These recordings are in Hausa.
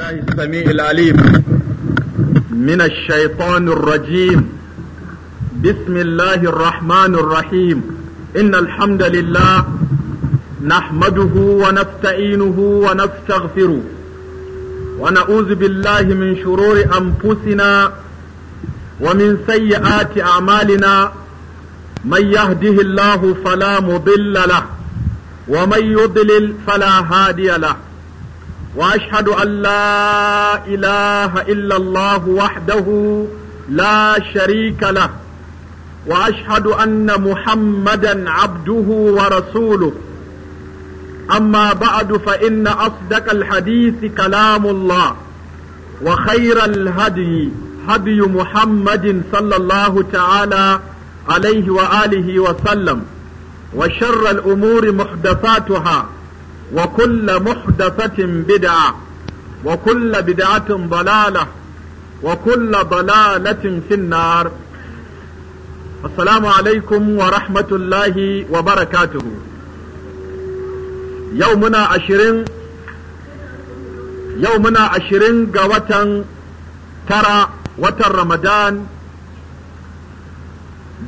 بالله السميع العليم من الشيطان الرجيم بسم الله الرحمن الرحيم إن الحمد لله نحمده ونستعينه ونستغفره ونعوذ بالله من شرور أنفسنا ومن سيئات أعمالنا من يهده الله فلا مضل له ومن يضلل فلا هادي له واشهد ان لا اله الا الله وحده لا شريك له واشهد ان محمدا عبده ورسوله اما بعد فان اصدق الحديث كلام الله وخير الهدي هدي محمد صلى الله تعالى عليه واله وسلم وشر الامور محدثاتها وكل محدثة بدعة وكل بدعة ضلالة وكل ضلالة في النار السلام عليكم ورحمة الله وبركاته يومنا عشرين يومنا عشرين قوة ترى وتر رمضان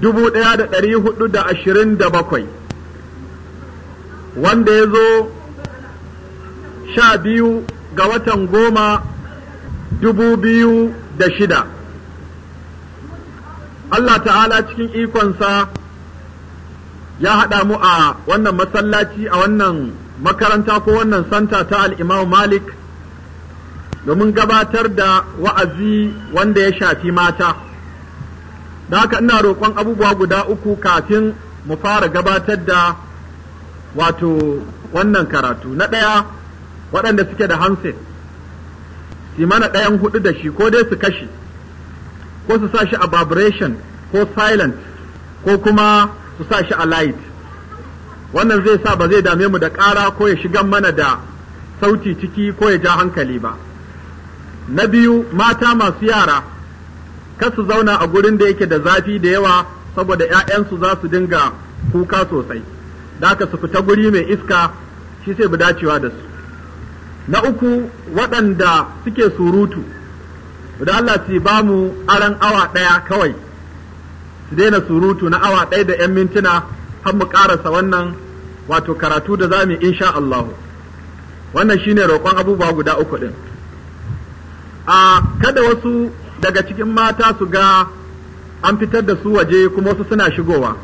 dubu ɗaya da ɗari hudu da ashirin da bakwai wanda ya zo sha biyu ga watan goma dubu biyu da shida. Allah ta'ala cikin ikonsa ya haɗa mu a wannan masallaci a wannan makaranta ko wannan santa ta al'imam Malik domin gabatar da wa'azi wanda ya shafi mata. Da haka ina roƙon abubuwa guda uku kafin mu fara gabatar da wato wannan karatu. Na ɗaya waɗanda suke da hanset su mana ɗayan hudu da shi ko dai su kashe ko su sa shi a vibration ko silent ko kuma su sa shi a light wannan zai sa ba zai dame mu da ƙara ko ya shigan mana da sauti ciki ko ya ja hankali ba na biyu mata masu yara kar su zauna a gurin da yake da zafi da yawa saboda 'ya'yansu za su dinga kuka sosai da aka su fita guri mai iska shi sai bu dacewa da su na uku waɗanda suke surutu da Allah ce ba mu aran awa ɗaya kawai su daina surutu na awa ɗaya da ‘yan mintuna har mu ƙarasa wannan wato karatu da za mu insha Allah wannan shine roƙon abubuwa guda uku ɗin a kada wasu daga cikin mata su ga an fitar da su waje kuma wasu suna shigowa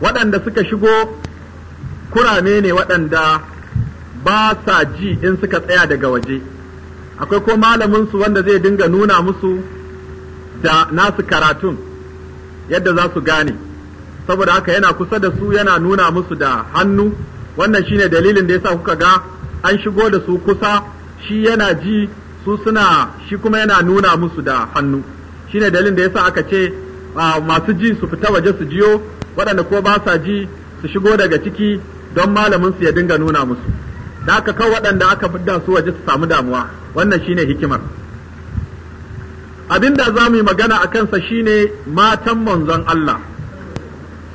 waɗanda suka shigo kurame ne waɗanda ba sa ji in suka tsaya daga waje akwai ko malaminsu wanda zai dinga nuna musu da nasu karatun yadda za su gane saboda haka yana kusa da su yana nuna musu da hannu wannan shine dalilin da yasa kuka ga an shigo da su kusa shi yana ji su suna shi kuma yana nuna musu da hannu shine dalilin da yasa aka ce masu ji su fita waje su jiyo waɗanda ko ba sa ji su shigo daga ciki don malaminsu ya dinga nuna musu da aka kawo waɗanda aka fi su waje su samu damuwa wannan shine hikimar abinda za mu yi magana a kansa shine matan manzon Allah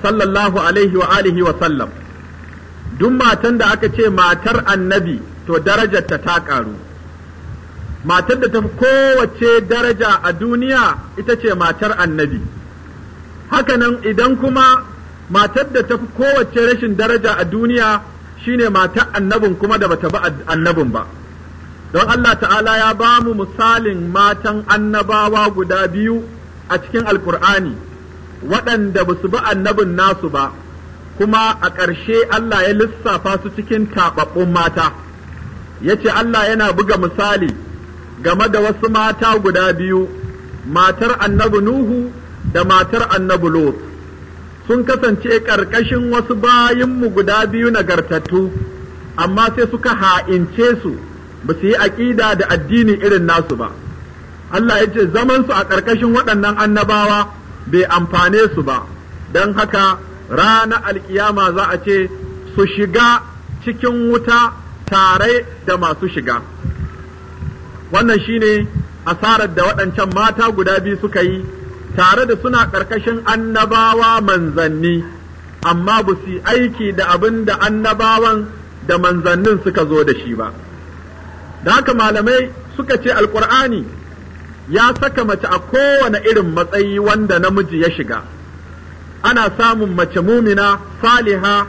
sallallahu alaihi wa alihi wa sallam duk matan da aka ce matar annabi to darajarta ta ƙaru matar da ta fi kowace daraja a duniya ita ce matar annabi hakanan idan kuma matar da ta fi kowace rashin daraja a duniya shine matar annabin kuma da bata bi annabin ba don Allah ta'ala ya ba mu misalin matan annabawa guda biyu a cikin alkur'ani waɗanda ba su bi annabin nasu ba kuma a ƙarshe Allah ya lissafa su cikin taɓaɓɓun mata ya ce Allah yana buga misali game da wasu mata guda biyu matar annabi Nuhu da matar annabi Lot sun kasance ƙarƙashin wasu bayinmu guda biyu nagartattu, amma sai suka ha'ince su ba su yi aƙida da addini irin nasu ba. Allah ya ce zamansu a ƙarƙashin waɗannan annabawa bai amfane su ba, don haka rana alƙiyama za a ce su shiga cikin wuta tare da masu shiga. Wannan shine asarar da waɗancan mata guda biyu suka yi. tare da suna ƙarƙashin annabawa manzanni amma ba su aiki da abin da annabawan da manzannin suka zo da shi ba da haka malamai suka ce alƙur'ani ya saka mace a kowane irin matsayi wanda namiji ya shiga ana samun mace mumina saliha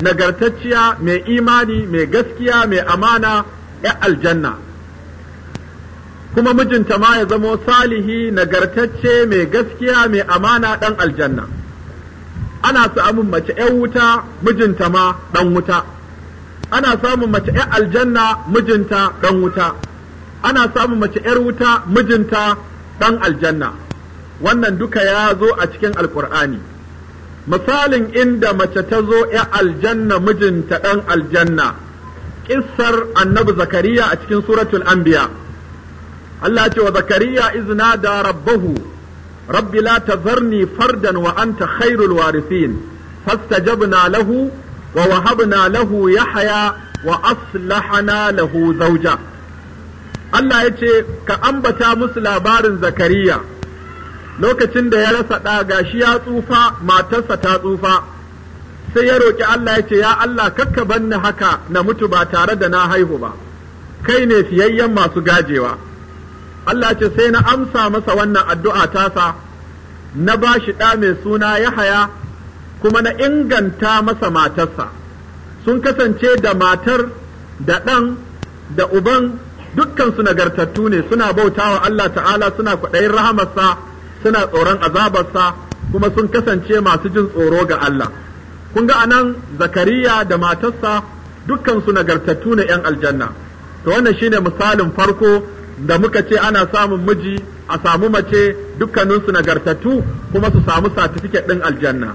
nagartacciya mai imani mai gaskiya mai amana 'yan aljanna kuma mijinta ma ya zamo salihi nagartacce mai gaskiya mai amana ɗan aljanna ana samun mace 'yan wuta mijinta ma ɗan wuta ana samun mace 'yan aljanna mijinta ɗan wuta ana samun mace 'yar wuta mijinta ɗan aljanna wannan duka ya zo a cikin alkur'ani misalin inda mace ta zo 'yan aljanna mijinta ɗan aljanna ƙissar annabi zakariya a cikin suratul anbiya Allah ce wa zakariya izna da rabbahu rabbi la tazarni fardan wa anta khairul warithin fastajabna lahu wa wahabna lahu yahya wa aslahana lahu zawja Allah ya ce ka ambata musu labarin zakariya lokacin da ya rasa ɗa gashi ya tsufa matarsa ta tsufa sai ya roƙi Allah ya ce ya Allah kakka banni haka na mutu ba tare da na haihu ba kai ne fiyayyen masu gajewa Allah ce sai na amsa masa wannan addu'a tasa na ba shi ɗa mai suna ya haya, kuma na inganta masa matarsa sun kasance da matar da ɗan da uban dukkan dukkansu nagartattu ne suna bauta wa Allah ta'ala suna kwaɗayin rahamarsa suna tsoron azabarsa kuma sun kasance masu jin tsoro ga Allah kun ga anan zakariya da matarsa dukkan su nagartattu ne 'yan aljanna to wannan shine misalin farko da muka ce ana samun miji a samu mace dukkaninsu nagartattu kuma su samu satifiket ɗin aljanna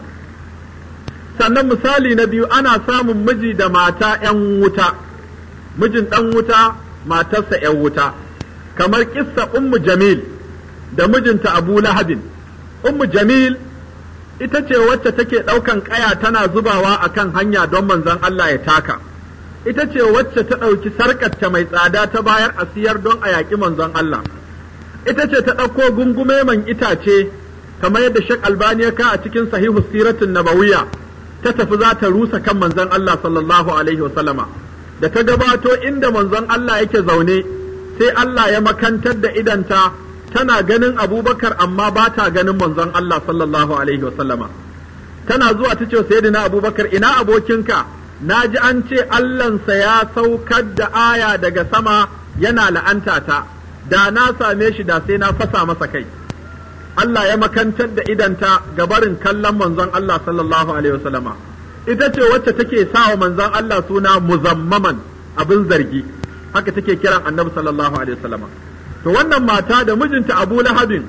sannan misali na biyu ana samun miji da mata ‘yan wuta mijin ɗan wuta matarsa ‘yan wuta kamar kissa ummu jamil da mijinta abu lahabin ummu jamil ita ce wacce take ɗaukan ƙaya tana zubawa akan hanya don manzon Allah ya taka. ita ce wacce ta ɗauki sarƙarta mai tsada ta bayar a siyar don a yaƙi manzon Allah ita ce ta ɗauko gungume man itace kamar yadda Shek Albani ya ka a cikin sahihu siratun Nabawiya, ta tafi za ta rusa kan manzon Allah sallallahu alaihi wasallama da ta gabato inda manzon Allah yake zaune sai Allah ya makantar da idanta tana ganin Abubakar amma ba ta ganin manzon Allah sallallahu alaihi wasallama tana zuwa ta ce sayyidina Abubakar ina abokinka na ji an ce Allahnsa ya saukar da aya daga sama yana la'anta ta, da na same shi da sai na fasa masa kai. Allah ya makantar da idanta ga barin kallon manzon Allah sallallahu Alaihi wasallama. Ita ce wacce take sa wa manzon Allah suna muzammaman abin zargi, haka take kiran annabi sallallahu Alaihi wasallama. To wannan mata da mijinta Abu Lahabin,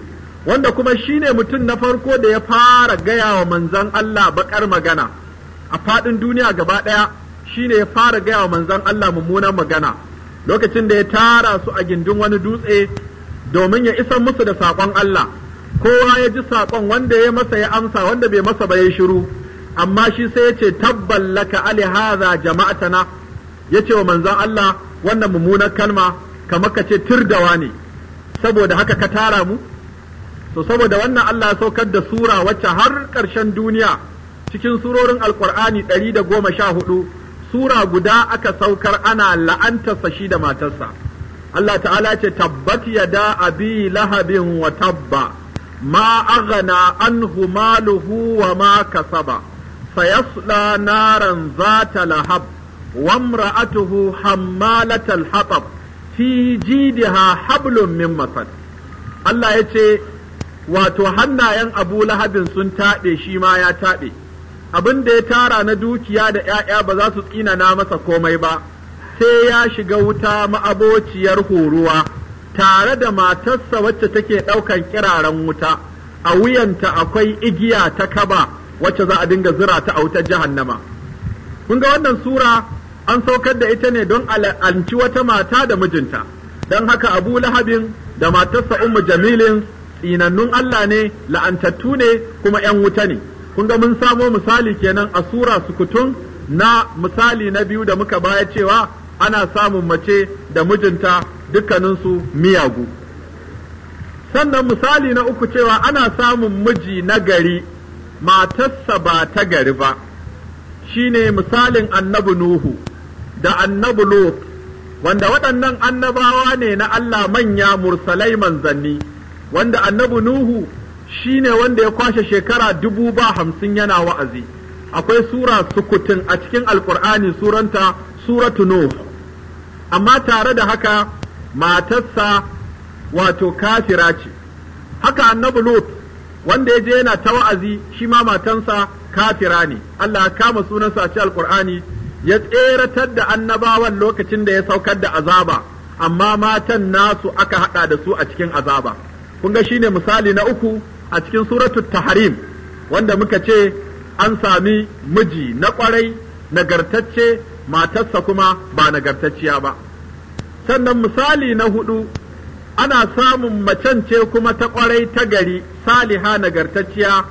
wanda kuma shi ne mutum na farko da ya fara gaya wa manzon Allah baƙar magana. a faɗin duniya gaba ɗaya shi ne ya fara gaya wa manzan Allah mummunan magana lokacin da ya tara su a gindin wani dutse domin ya isa musu da saƙon Allah kowa ya ji saƙon wanda ya masa ya amsa wanda bai masa ba ya shiru amma shi sai ya ce tabballaka ali hadha jama'atana ya ce wa manzan Allah wannan mummunan kalma kamar ka ce tirdawa ne saboda haka ka tara mu to saboda wannan Allah ya saukar da sura wacce har ƙarshen duniya cikin surorin alkur'ani ɗari da goma sha hudu sura guda aka saukar ana la'antarsa shi da matarsa Allah ta'ala ce tabbat yada abi lahabin wa tabba ma aghna anhu maluhu wa ma kasaba sayasla naran zata lahab wa imra'atuhu hammalatal hatab fi jidha hablum min masad Allah yace wato hannayen Abu Lahabin sun taɗe shi ma ya taɗe abin da ya tara na dukiya da ‘ya'ya ba za su tsina na masa komai ba, sai ya shiga wuta ma'abociyar horuwa, tare da matarsa wacce take ɗaukan kiraren wuta, a wuyanta akwai igiya ta kaba wacce za a dinga zira ta a wutar jahannama. Kun ga wannan sura an saukar da ita ne don al'anci wata mata da mijinta, don haka Abu Lahabin da matarsa Umu Jamilin tsinannun Allah ne, la'antattu ne, kuma ‘yan wuta ne. kun ga mun samo misali kenan a sura sukutun na misali na biyu da muka baya cewa ana samun mace da mijinta dukkaninsu miyagu sannan misali na uku cewa ana samun miji na gari matarsa ba ta gari ba shine misalin annabi nuhu da annabi lot wanda waɗannan annabawa ne na Allah manya mursalai manzanni wanda annabi nuhu Shi ne wanda ya kwashe shekara dubu ba hamsin yana wa'azi akwai sura sukutun a cikin alkur'ani suranta suratu nuh amma tare da haka matarsa wato kafira ce haka annabu lut wanda ya je yana ta wa'azi shi ma matansa kafira ne Allah ya kama sunansa a cikin alkur'ani ya tseratar da annabawan lokacin da ya saukar da azaba amma matan nasu aka haɗa da su a cikin azaba kun ga shine misali na uku a cikin suratul tahrim wanda muka ce an sami miji na ƙwarai nagartacce matarsa kuma ba nagartacciya ba sannan misali na hudu ana samun macen ce kuma ta ƙwarai ta gari saliha nagartacciya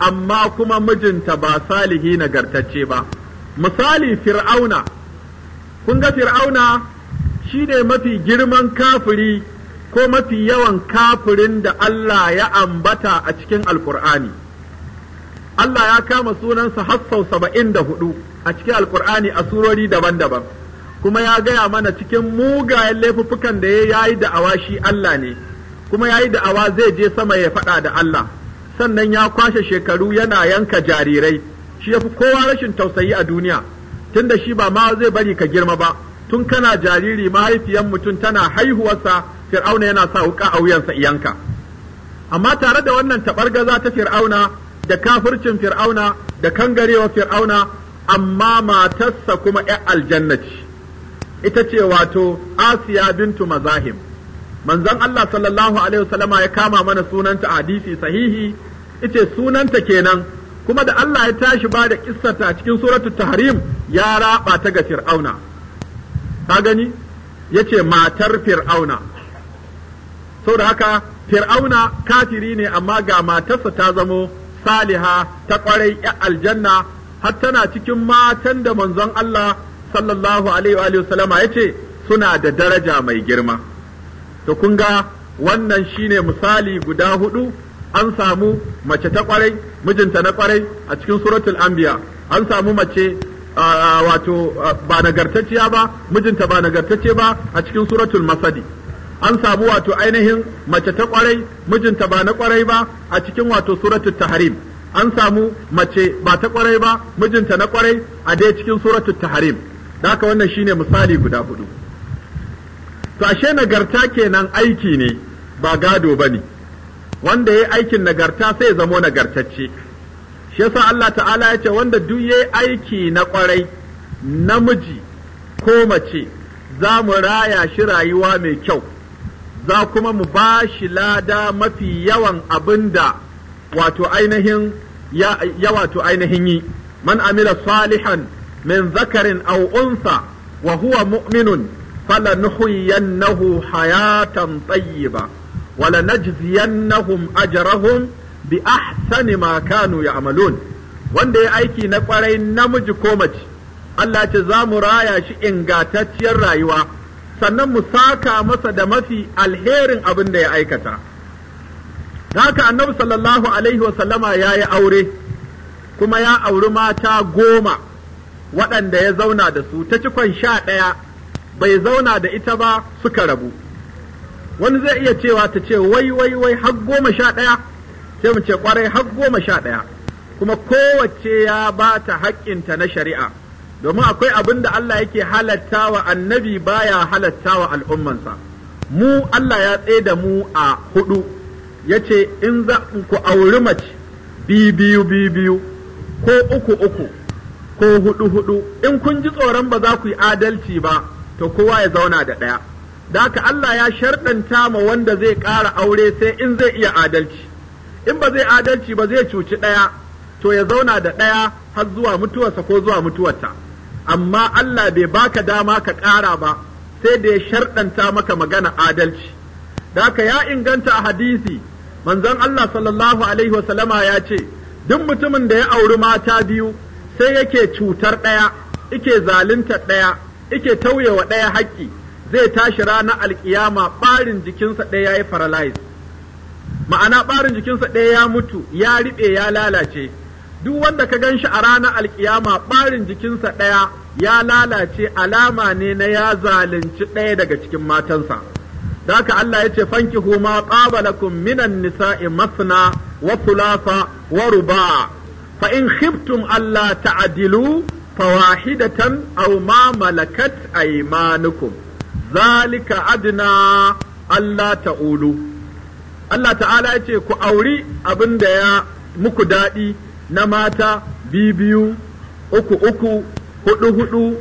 amma kuma mijinta ba salihi nagartacce ba misali fir'auna kun ga fir'auna shi ne mafi girman kafiri ko mafi yawan kafirin da Allah ya ambata a cikin alkur'ani Allah ya kama sunansa hassau saba'in da hudu a cikin alkur'ani a surori daban-daban kuma ya gaya mana cikin mugayen laifuffukan da ya yi da'awa shi Allah ne kuma ya yi da'awa zai je sama ya faɗa da Allah sannan ya kwashe shekaru yana yanka jarirai shi ya fi kowa rashin tausayi a duniya tunda shi ba ma zai bari ka girma ba tun kana jariri mahaifiyar mutum tana haihuwarsa fir'auna yana sa wuka a wuyansa iyanka amma tare da wannan tabargaza ta fir'auna da kafircin fir'auna da kangarewa fir'auna amma matarsa kuma ‘yan aljanna ce, ita ce wato Asiya bintu mazahim. Manzon Allah sallallahu Alaihi wasallama ya kama mana sunanta a hadisi sahihi, ice sunanta kenan, kuma da Allah ya tashi ba da kissata cikin suratul tahrim ya raba ta ga fir'auna. Ka gani? Ya matar fir'auna, saboda haka fir'auna kafiri ne amma ga matarsa ta zamo saliha ta kwarai ya aljanna har tana cikin matan da manzon Allah sallallahu alaihi wa yace suna da daraja mai girma to kun ga wannan shine misali guda hudu an samu mace ta kwarai mijinta na kwarai a cikin suratul anbiya an samu mace wato ba nagartacciya ba mijinta ba nagartacce ba a cikin suratul masadi an samu wato ainihin mace ta kwarai mijinta ba na kwarai ba a cikin wato suratul tahrim an samu mace ba ta kwarai ba mijinta na kwarai a dai cikin suratul tahrim da haka wannan shine misali guda hudu to ashe nagarta kenan aiki ne ba gado bane wanda yayi aikin nagarta sai zamo nagartacce shi yasa Allah ta'ala ya ce wanda duk yayi aiki na kwarai namiji ko mace za mu raya shi rayuwa mai kyau za kuma mu ba shi lada mafi yawan abin da wato ainihin ya, wato ainihin yi man amila salihan min zakarin aw unsa wa huwa mu'minun falanuhyiyannahu hayatan tayyiba wa lanajziyannahum ajrahum bi ahsani ma kanu ya'malun wanda ya aiki na kwarai namiji ko mace Allah ce za mu raya shi ingantacciyar rayuwa sannan mu saka masa da mafi alherin abin da ya aikata haka annabi sallallahu alaihi wasallama ya yi aure kuma ya auri mata goma waɗanda ya zauna da su ta cikon sha ɗaya bai zauna da ita ba suka rabu wani zai iya cewa ta ce wai wai wai har goma sha ɗaya sai mu ce kwarai har goma sha ɗaya kuma kowace ya ba ta haƙƙinta na shari'a domin akwai abin da Allah yake halatta wa annabi baya halatta wa al'ummansa mu Allah ya tsaye da mu a hudu ya ce in za ku auri mace biyu biyu ko uku uku ko hudu hudu in kun ji tsoron ba za ku yi adalci ba to kowa ya zauna da ɗaya da haka Allah ya sharɗanta ma wanda zai ƙara aure sai in zai iya adalci in ba zai adalci ba zai cuci ɗaya to ya zauna da ɗaya har zuwa mutuwarsa ko zuwa mutuwarta amma Allah bai baka dama ka ƙara ba sai da ya sharɗanta maka magana adalci daka ya inganta a hadisi manzon Allah sallallahu alaihi wasallama ya ce duk mutumin da ya auri mata biyu sai yake cutar ɗaya ike zalunta ɗaya ike tauyewa ɗaya haƙƙi zai tashi rana alƙiyama ɓarin jikinsa ɗaya ya yi paralyze ma'ana ɓarin jikinsa ɗaya ya mutu ya riɓe ya lalace duk wanda ka gan shi a ranar alkiyama barin jikinsa ɗaya ya lalace alama ne na ya zalunci ɗaya daga cikin matansa. Daka Allah ya ce fanki huma ƙabalakun minan nisa'i masna wa fulafa wa ruba fa in khiftum Allah ta'adilu fawahidatan aw ma malakat aymanukum zalika adna Allah ta'ulu Allah ta'ala ya ce ku auri abin da ya muku daɗi na mata bibiyu, uku uku hudu hudu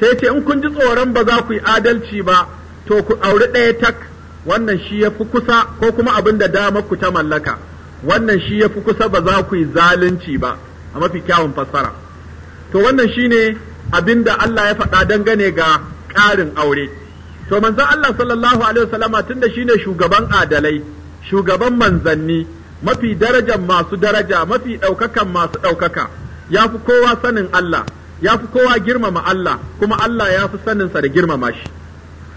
sai ce in kun ji tsoron ba za ku yi adalci ba to ku auri ɗaya tak wannan shi ya fi kusa ko kuma abin da dama ku ta mallaka wannan shi ya fi kusa ba za ku yi zalunci ba a mafi kyawun fassara to wannan shine abin da Allah ya faɗa dangane ga ƙarin aure to manzon Allah sallallahu alaihi wasallama tunda ne shugaban adalai shugaban manzanni mafi darajar masu daraja mafi ɗaukakan masu ɗaukaka ya fi kowa sanin Allah ya fi kowa girmama Allah kuma Allah ya fi saninsa da girmama shi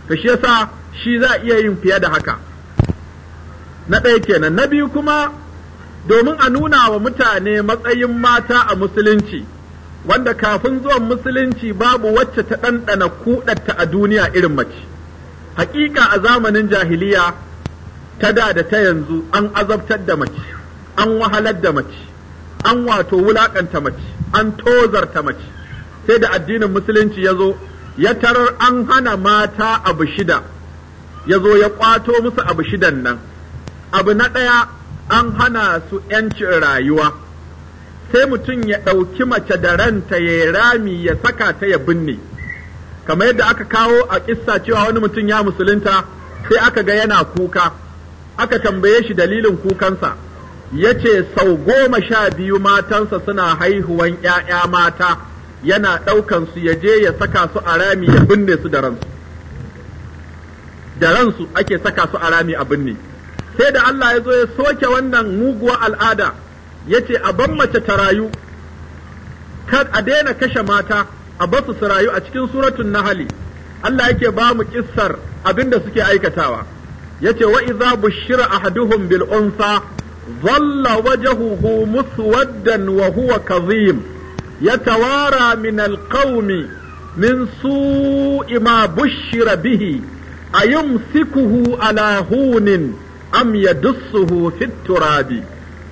to shi yasa shi za a iya yin fiye da haka na ɗaya kenan na biyu kuma domin a nuna wa mutane matsayin mata a musulunci wanda kafin zuwan musulunci babu wacce ta ɗanɗana kuɗatta a duniya irin mace hakika a zamanin jahiliya ta da da ta yanzu an azabtar da mace an wahalar da mace an wato wulakanta mace an tozarta mace sai da addinin musulunci ya zo ya tarar an hana mata abu shida ya zo ya kwato musu abu shidan nan abu na ɗaya an hana su ‘yancin rayuwa sai mutum ya ɗauki mace da ranta ya rami ya saka ta ya binne kamar yadda aka kawo a ƙissa cewa wani mutum ya musulunta sai aka ga yana kuka aka tambaye shi dalilin kukansa ya ce sau goma sha biyu matansa suna haihuwan ‘ya'ya mata yana ɗaukan su ya je ya saka su a rami ya binne su da ransu da ransu ake saka su a rami a binne sai da Allah ya zo ya soke wannan muguwa al'ada ya ce a ban mace ta rayu kad a daina kashe mata a ba su rayu a cikin suratun nahali Allah yake ba mu kissar abin da suke aikatawa yace wa idza bushira ahaduhum bil unsa dhalla wajhuhu muswaddan wa huwa kadhim yatawara min al qawmi min su'i ma bushira bihi ayumsikuhu ala hunin am yadussuhu fi turabi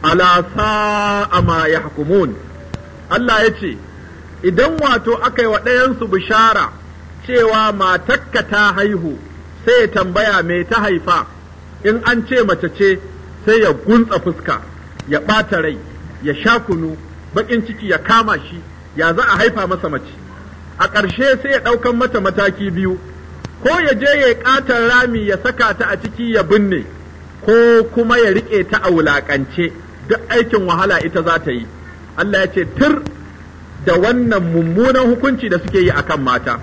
ala sa'a ma yahkumun Allah yace idan wato aka yi wa ɗayansu bishara cewa matakka ta haihu sai ya tambaya me ta haifa in an ce mace ce sai ya guntsa fuska ya ɓata rai ya sha kunu baƙin ciki ya kama shi ya za a haifa masa mace a ƙarshe sai ya ɗaukan mata mataki biyu ko ya je ya ƙatar rami ya saka ta a ciki ya binne ko kuma ya riƙe ta a wulaƙance duk aikin wahala ita za ta yi Allah ya ce tir da wannan mummunan hukunci da suke yi akan mata.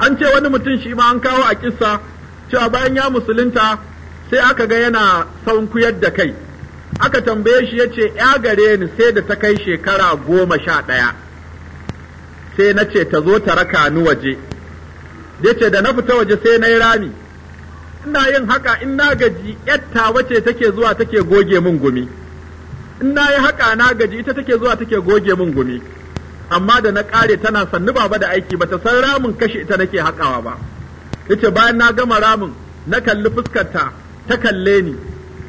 an ce wani mutum shi ma an kawo a kissa cewa bayan ya musulunta sai aka ga yana sankuyar da kai aka tambaye shi yace ya gare ni sai da ta kai shekara goma sha ɗaya sai na ce ta zo ta raka ni waje Yace da na fita waje sai na yi rami ina yin haka in na gaji yatta wace take zuwa take goge min gumi in na yi haka na gaji ita take zuwa take goge min gumi amma da na ƙare tana sannu ba da aiki ba ta san ramin kashe ita nake haƙawa ba yace bayan na gama ramin na kalli fuskarta ta kalle ni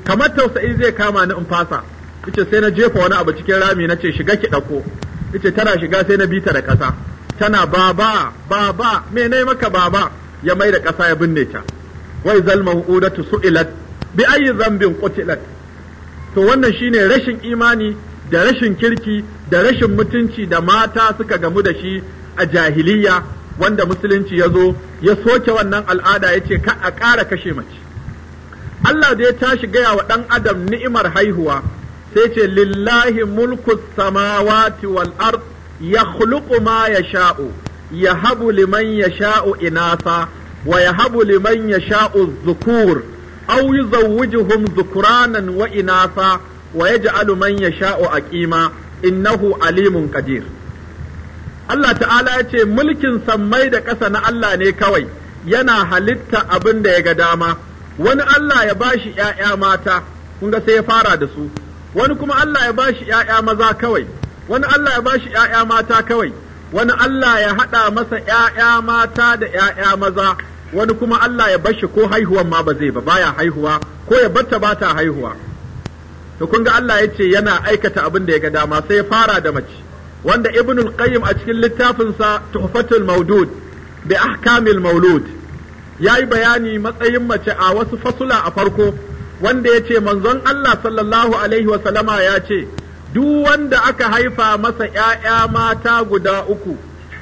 kamar tausayi zai kama ni in fasa yace sai na jefa wani abu cikin rami na ce shiga ki ɗauko yace tana shiga sai na bita da ƙasa tana baba baba me ne maka baba ya mai da ƙasa ya binne ta wai zal mau'udatu su'ilat bi ayi zambin qutilat to wannan shine rashin imani da rashin kirki da rashin mutunci da mata suka gamu da shi a jahiliya wanda musulunci ya zo ya soke wannan al'ada ya ce ka a ƙara kashe mace Allah da ya tashi gaya wa ɗan adam ni'imar haihuwa sai ce lillahi mulku samawati wal ard ya khuluqu ma ya habu liman sha'u inasa wa ya habu liman zukur Auyi aw yuzawwijuhum zukuranan wa inasa wa yaj'alu man yasha'u aqima innahu alimun qadir Allah ta'ala ya ce mulkin sammai da ƙasa na Allah ne kawai yana halitta abin da ya ga dama wani Allah ya bashi ‘ya'ya mata kun ga sai ya fara da su wani kuma Allah ya bashi ‘ya'ya maza kawai wani Allah ya bashi ‘ya'ya mata kawai wani Allah ya haɗa masa ‘ya'ya mata da ‘ya'ya maza wani kuma Allah ya bashi ko haihuwan ma ba zai ba baya haihuwa ko ya batta ba ta haihuwa to kun ga Allah ya ce yana aikata abin da ya ga dama sai ya fara da mace wanda ibnul qayyim a cikin littafinsa tuhfatul maudud bi ahkamil maulud yayi bayani matsayin mace a wasu fasula a farko wanda ya ce manzon Allah sallallahu alaihi sallama ya ce duk wanda aka haifa masa ‘ya'ya mata guda uku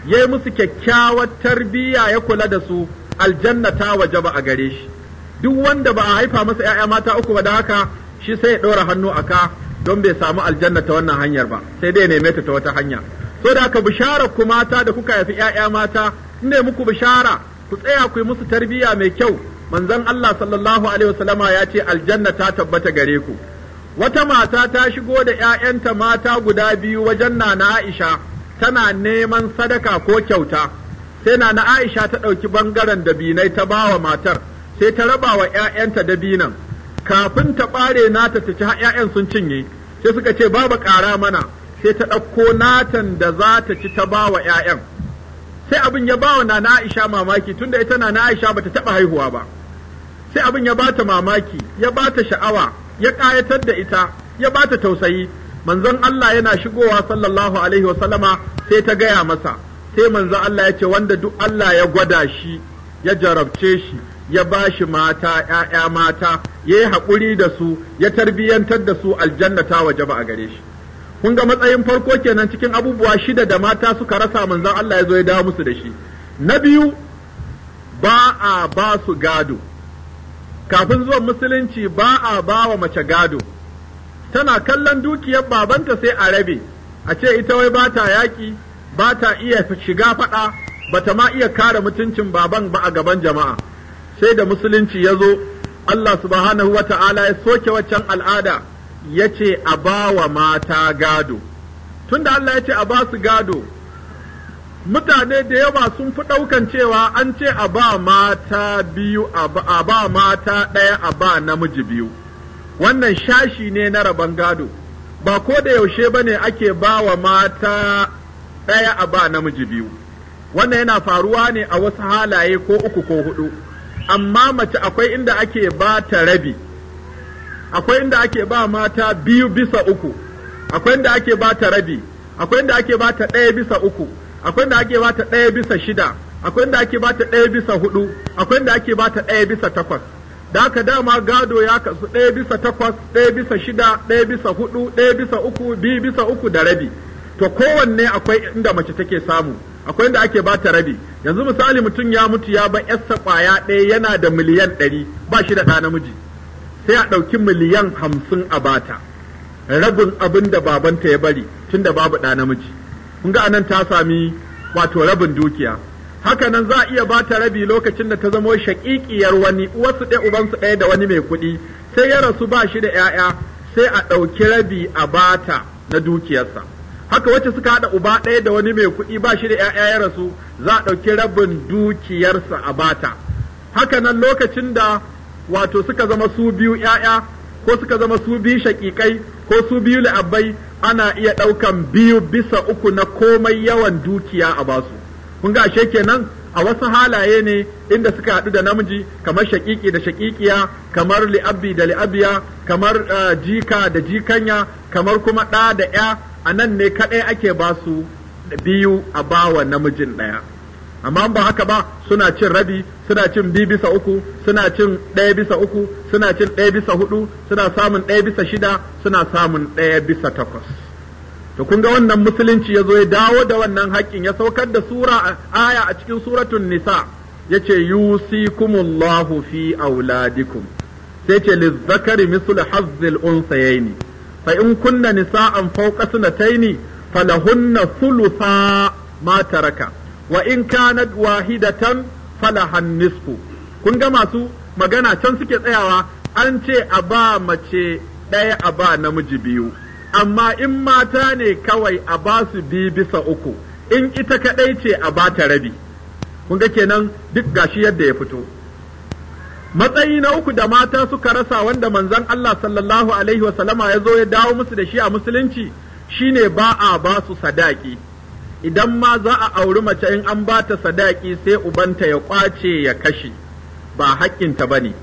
ya yi musu kyakkyawar tarbiyya ya kula da su aljanna ta waje ba a gare shi duk wanda ba a haifa masa ‘ya'ya mata uku ba da haka shi sai ya ɗora hannu a ka don bai samu aljanna ta wannan hanyar ba sai dai neme ta ta wata hanya so da ka bishara ku mata da kuka haifi ƴaƴa mata in ne muku bishara ku tsaya ku yi musu tarbiyya mai kyau manzon Allah sallallahu alaihi wasallama ya ce aljanna ta tabbata gare ku wata mata ta shigo da ƴaƴanta mata guda biyu wajen Nana Aisha tana neman sadaka ko kyauta sai Nana Aisha ta ɗauki bangaren dabinai ta bawa matar sai ta raba wa ƴaƴanta dabinan kafin ta ɓare nata ta ci ‘ya'yan sun cinye sai suka ce babu ƙara mana sai ta ɗauko natan da za ta ci ta ba wa ‘ya'yan sai abin ya ba wa nana Aisha mamaki tunda ita nana Aisha bata taɓa haihuwa ba sai abin ya bata mamaki ya bata sha'awa ya ƙayatar da ita ya bata tausayi manzon Allah yana shigowa sallallahu alaihi wasallama sai ta gaya masa sai manzon Allah ya ce wanda duk Allah ya gwada shi ya jarabce shi ya ba shi mata ‘ya'ya mata ya yi haƙuri da su ya tarbiyyantar da su aljanna ta waje ba a gare shi kun ga matsayin farko kenan cikin abubuwa shida da mata suka rasa manzon Allah ya zo ya dawo musu da shi na biyu ba a ba su gado kafin zuwan musulunci ba a ba wa mace gado tana kallon dukiyar babanta sai a rabe a ce ita wai ba ta yaƙi ba ta iya shiga faɗa ba ta ma iya kare mutuncin baban ba a gaban jama'a sai da musulunci ya zo Allah subhanahu wa ta'ala ya soke waccan al'ada ya ce a ba wa mata gado. Tunda Allah ya ce a ba su gado, mutane da yawa sun fi ɗaukan cewa an ce a ba mata biyu, a ba mata ɗaya, a ba namiji biyu. Wannan shashi ne na rabon gado, ba ko da yaushe ba ne ake ba wa mata ɗaya a ba namiji biyu. Wannan yana faruwa ne a wasu halaye ko uku ko huɗu. amma mace akwai inda ake ba ta rabi akwai inda ake ba mata biyu bisa uku akwai inda ake ba ta rabi akwai inda ake ba ta ɗaya bisa uku akwai inda ake ba ta ɗaya bisa shida akwai inda ake ba ta ɗaya bisa hudu akwai inda ake ba ta ɗaya bisa takwas da haka dama gado ya kasu ɗaya bisa takwas ɗaya bisa shida ɗaya bisa hudu ɗaya bisa uku biyu bisa uku da rabi to kowanne akwai inda mace take samu akwai inda ake bata rabi yanzu misali mutum ya mutu ya ba yarsa kwaya ɗaya yana da miliyan ɗari ba shi da ɗa namiji sai a ɗauki miliyan hamsin a bata rabin abin da babanta ya bari tun da babu ɗa namiji kun ga anan ta sami wato rabin dukiya haka nan za a iya bata rabi lokacin da ta zamo shaƙiƙiyar wani uwarsu ɗaya ubansu ɗaya da wani mai kuɗi sai ya rasu ba shi da ‘ya'ya sai a ɗauki rabi a bata na dukiyarsa haka wacce suka haɗa uba ɗaya da wani mai kuɗi ba shi da ‘ya'ya ya rasu za a ɗauki rabin dukiyarsa a bata haka nan lokacin da wato suka zama su biyu ‘ya'ya ko suka zama su biyu shaƙiƙai ko su biyu la'abbai ana iya ɗaukan biyu bisa uku na komai yawan dukiya a basu kun ga ashe kenan a wasu halaye ne inda suka haɗu da namiji kamar shaƙiƙi da shaƙiƙiya kamar li'abbi da li'abiya kamar eh, jika da jikanya kamar kuma ɗa da ‘ya a nan ne kaɗai ake ba su biyu a bawa namijin ɗaya amma ba haka ba suna cin rabi suna cin bi bisa uku suna cin ɗaya bisa uku suna cin ɗaya bisa hudu suna samun ɗaya bisa shida suna samun ɗaya bisa takwas to kun ga wannan musulunci ya zo ya dawo da wannan haƙƙin ya saukar da sura aya a cikin suratun nisa ya ce yusikumullahu fi auladikum sai ce lizzakari misul hazzil unsayaini fa in kunna nisa'an fawqa sunataini falahunna thulutha ma taraka wa in kanat wahidatan falahan nisfu kun ga masu magana can suke tsayawa an ce a ba mace ɗaya a ba namiji biyu amma in mata ne kawai a ba su biyu bisa uku in ita kaɗai ce a ba ta rabi kun ga kenan duk gashi yadda ya fito matsayi na uku da mata suka rasa wanda manzon Allah sallallahu alaihi wasallama ya zo ya dawo musu da shi a musulunci shine ba a ba su sadaki idan ma za a auri mace in an ba ta sadaki sai ubanta ya kwace ya kashe ba haƙƙinta ba ne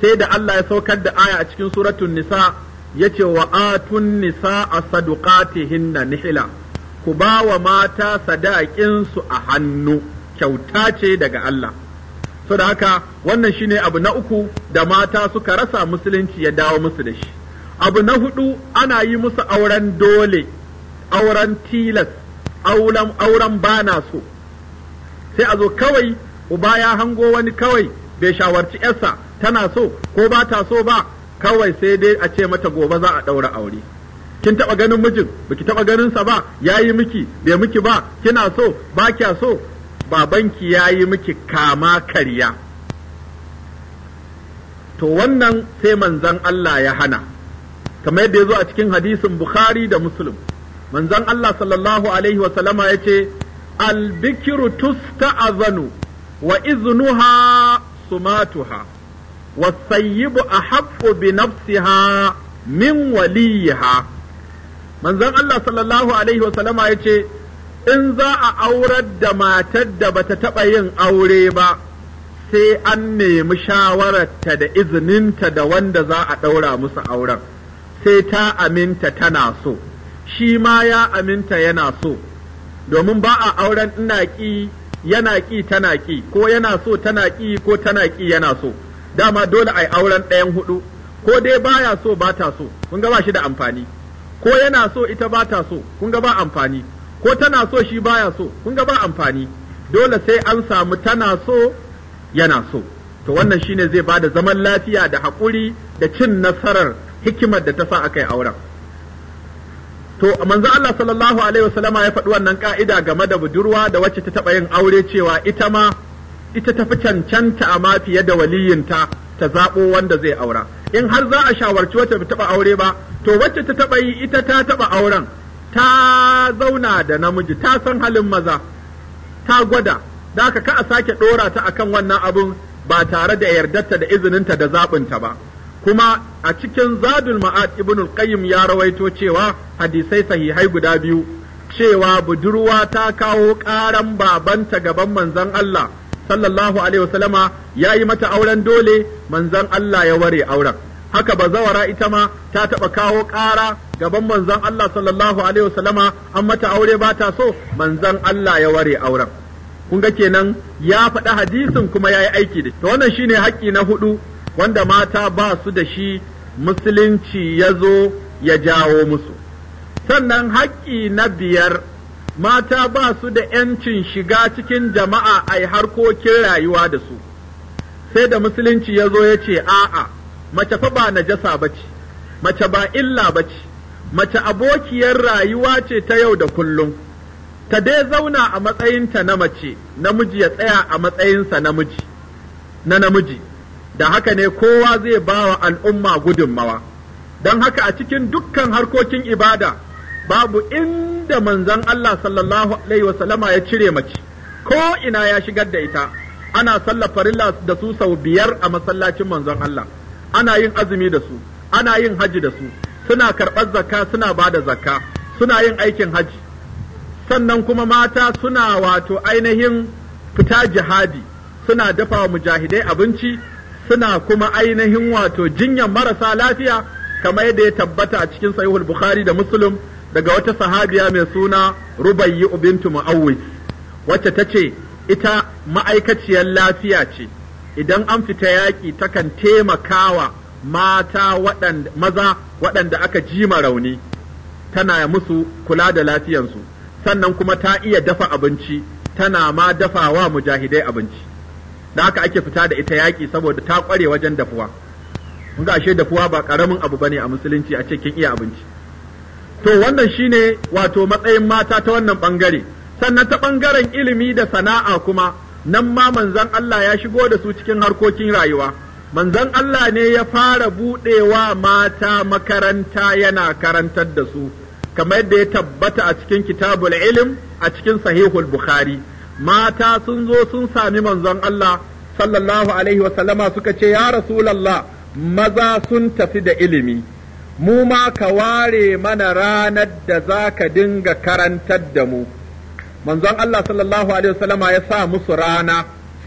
sai da Allah ya saukar da aya a cikin suratun nisa ya ce wa atun nisa a na nihila ku ba wa mata sadakinsu a hannu kyauta ce daga Allah so da haka wannan shine abu na uku da mata suka rasa musulunci ya dawo musu da shi abu na hudu ana yi musu auren dole auren tilas auren auren bana so sai a zo kawai uba ya hango wani kawai bai shawarci yarsa tana so ko ba ta so ba kawai sai dai a ce mata gobe za a daura aure kin taba ganin mijin baki taba ganin sa ba yayi miki bai miki ba kina so ba kya so babanki ya yi miki kama karya to wannan sai manzan Allah ya hana kamar yadda ya zo a cikin hadisin Bukhari da Muslim manzan Allah sallallahu alaihi wasallama ya ce albikiru azanu, wa iznuha sumatuha wasayyibu a bi nafsiha min waliyiha manzon Allah sallallahu alaihi wasallama ya ce in za a aurar da matar da bata taɓa yin aure ba sai an nemi shawararta da izininta da wanda za a ɗaura musu auren sai ta aminta tana so shi ma ya aminta yana so domin ba a auren ina ƙi yana ƙi tana ƙi ko yana so tana ƙi ko tana ƙi yana so dama dole a yi auren ɗayan hudu ko dai baya so ba ta so kun ga ba shi da amfani ko yana so ita ba ta so kun ga ba amfani ko tana so shi baya so kun ga ba amfani dole sai an samu tana so yana so to wannan shine zai bada zaman lafiya da haƙuri da cin nasarar hikimar da ta sa aka yi auren to manzo Allah sallallahu alaihi wasallama ya faɗi wannan ka'ida game da budurwa da wacce ta taɓa yin aure cewa ita ma ita tafi cancanta a ma fiye da waliyinta ta zaɓo wanda zai aura in har za a shawarci wacce ba taɓa aure ba to wacce ta taɓa yi ita ta taɓa auren ta zauna da namiji ta san halin maza ta gwada da aka ka a sake ɗora ta kan wannan abun ba tare da yardarta da izininta da zaɓinta ba kuma a cikin zadul ma'ad ibn qayyim ya rawaito cewa hadisai sahihai guda biyu cewa budurwa ta kawo ƙaran babanta gaban manzon Allah sallallahu alaihi wasallama ya mata auren dole manzon Allah ya ware auren haka bazawara ita ma ta taɓa kawo ƙara gaban manzon Allah sallallahu alaihi wasallama an mata aure ba ta so manzon Allah ya ware auren kun ga kenan ya faɗa hadisin kuma ya yi aiki da shi wannan shine haƙƙi na hudu wanda mata ba su da shi musulunci ya zo ya jawo musu sannan haƙƙi na biyar mata ba su da ‘yancin shiga cikin jama'a a harkokin rayuwa da su, sai da musulunci ya zo ya ce, A'a, mace fa ba najasa bace mace ba illa bace mace abokiyar rayuwa ce ta yau da kullum ta dai zauna a matsayinta na mace namiji ya tsaya a matsayinsa namiji na namiji da haka ne kowa zai ba wa al'umma gudunmawa don haka a cikin dukkan harkokin ibada babu inda manzon Allah sallallahu alaihi wasallama ya cire mace ko ina ya shigar da ita ana sallah farilla da su sau biyar a masallacin manzon Allah ana yin azumi da su ana yin haji da su suna karɓar zakka suna ba da zakka suna yin aikin haji sannan kuma mata suna wato ainihin fita jihadi suna dafa wa mujahidai abinci suna kuma ainihin wato jinyar marasa lafiya kamar yadda ya tabbata a cikin sahihul bukhari da muslim daga wata sahabiya mai suna rubayyi Ubintu mu'awwis wacce ta ce ita ma'aikaciyar lafiya ce idan an fita yaƙi takan taimakawa mata waɗanda maza waɗanda aka jima rauni tana musu kula da lafiyansu sannan kuma ta iya dafa abinci tana ma dafawa mujahidai abinci da haka ake fita da ita yaƙi saboda ta ƙware wajen dafuwa Mun ga ashe dafuwa ba ƙaramin abu bane a musulunci a cikin iya abinci to wannan shine wato matsayin mata ta wannan bangare sannan ta bangaren ilimi da sana'a kuma nan ma manzan Allah ya shigo da su cikin harkokin rayuwa manzan Allah ne ya fara buɗewa mata makaranta yana karantar da su kamar yadda ya tabbata a cikin kitabul ilim a cikin sahihul bukhari mata sun zo sun sami manzon Allah sallallahu alaihi wasallama suka ce ya rasulallah maza sun tafi da ilimi mu ma ka ware mana ranar da za ka dinga karantar da mu manzon Allah sallallahu alaihi wasallama ya sa musu rana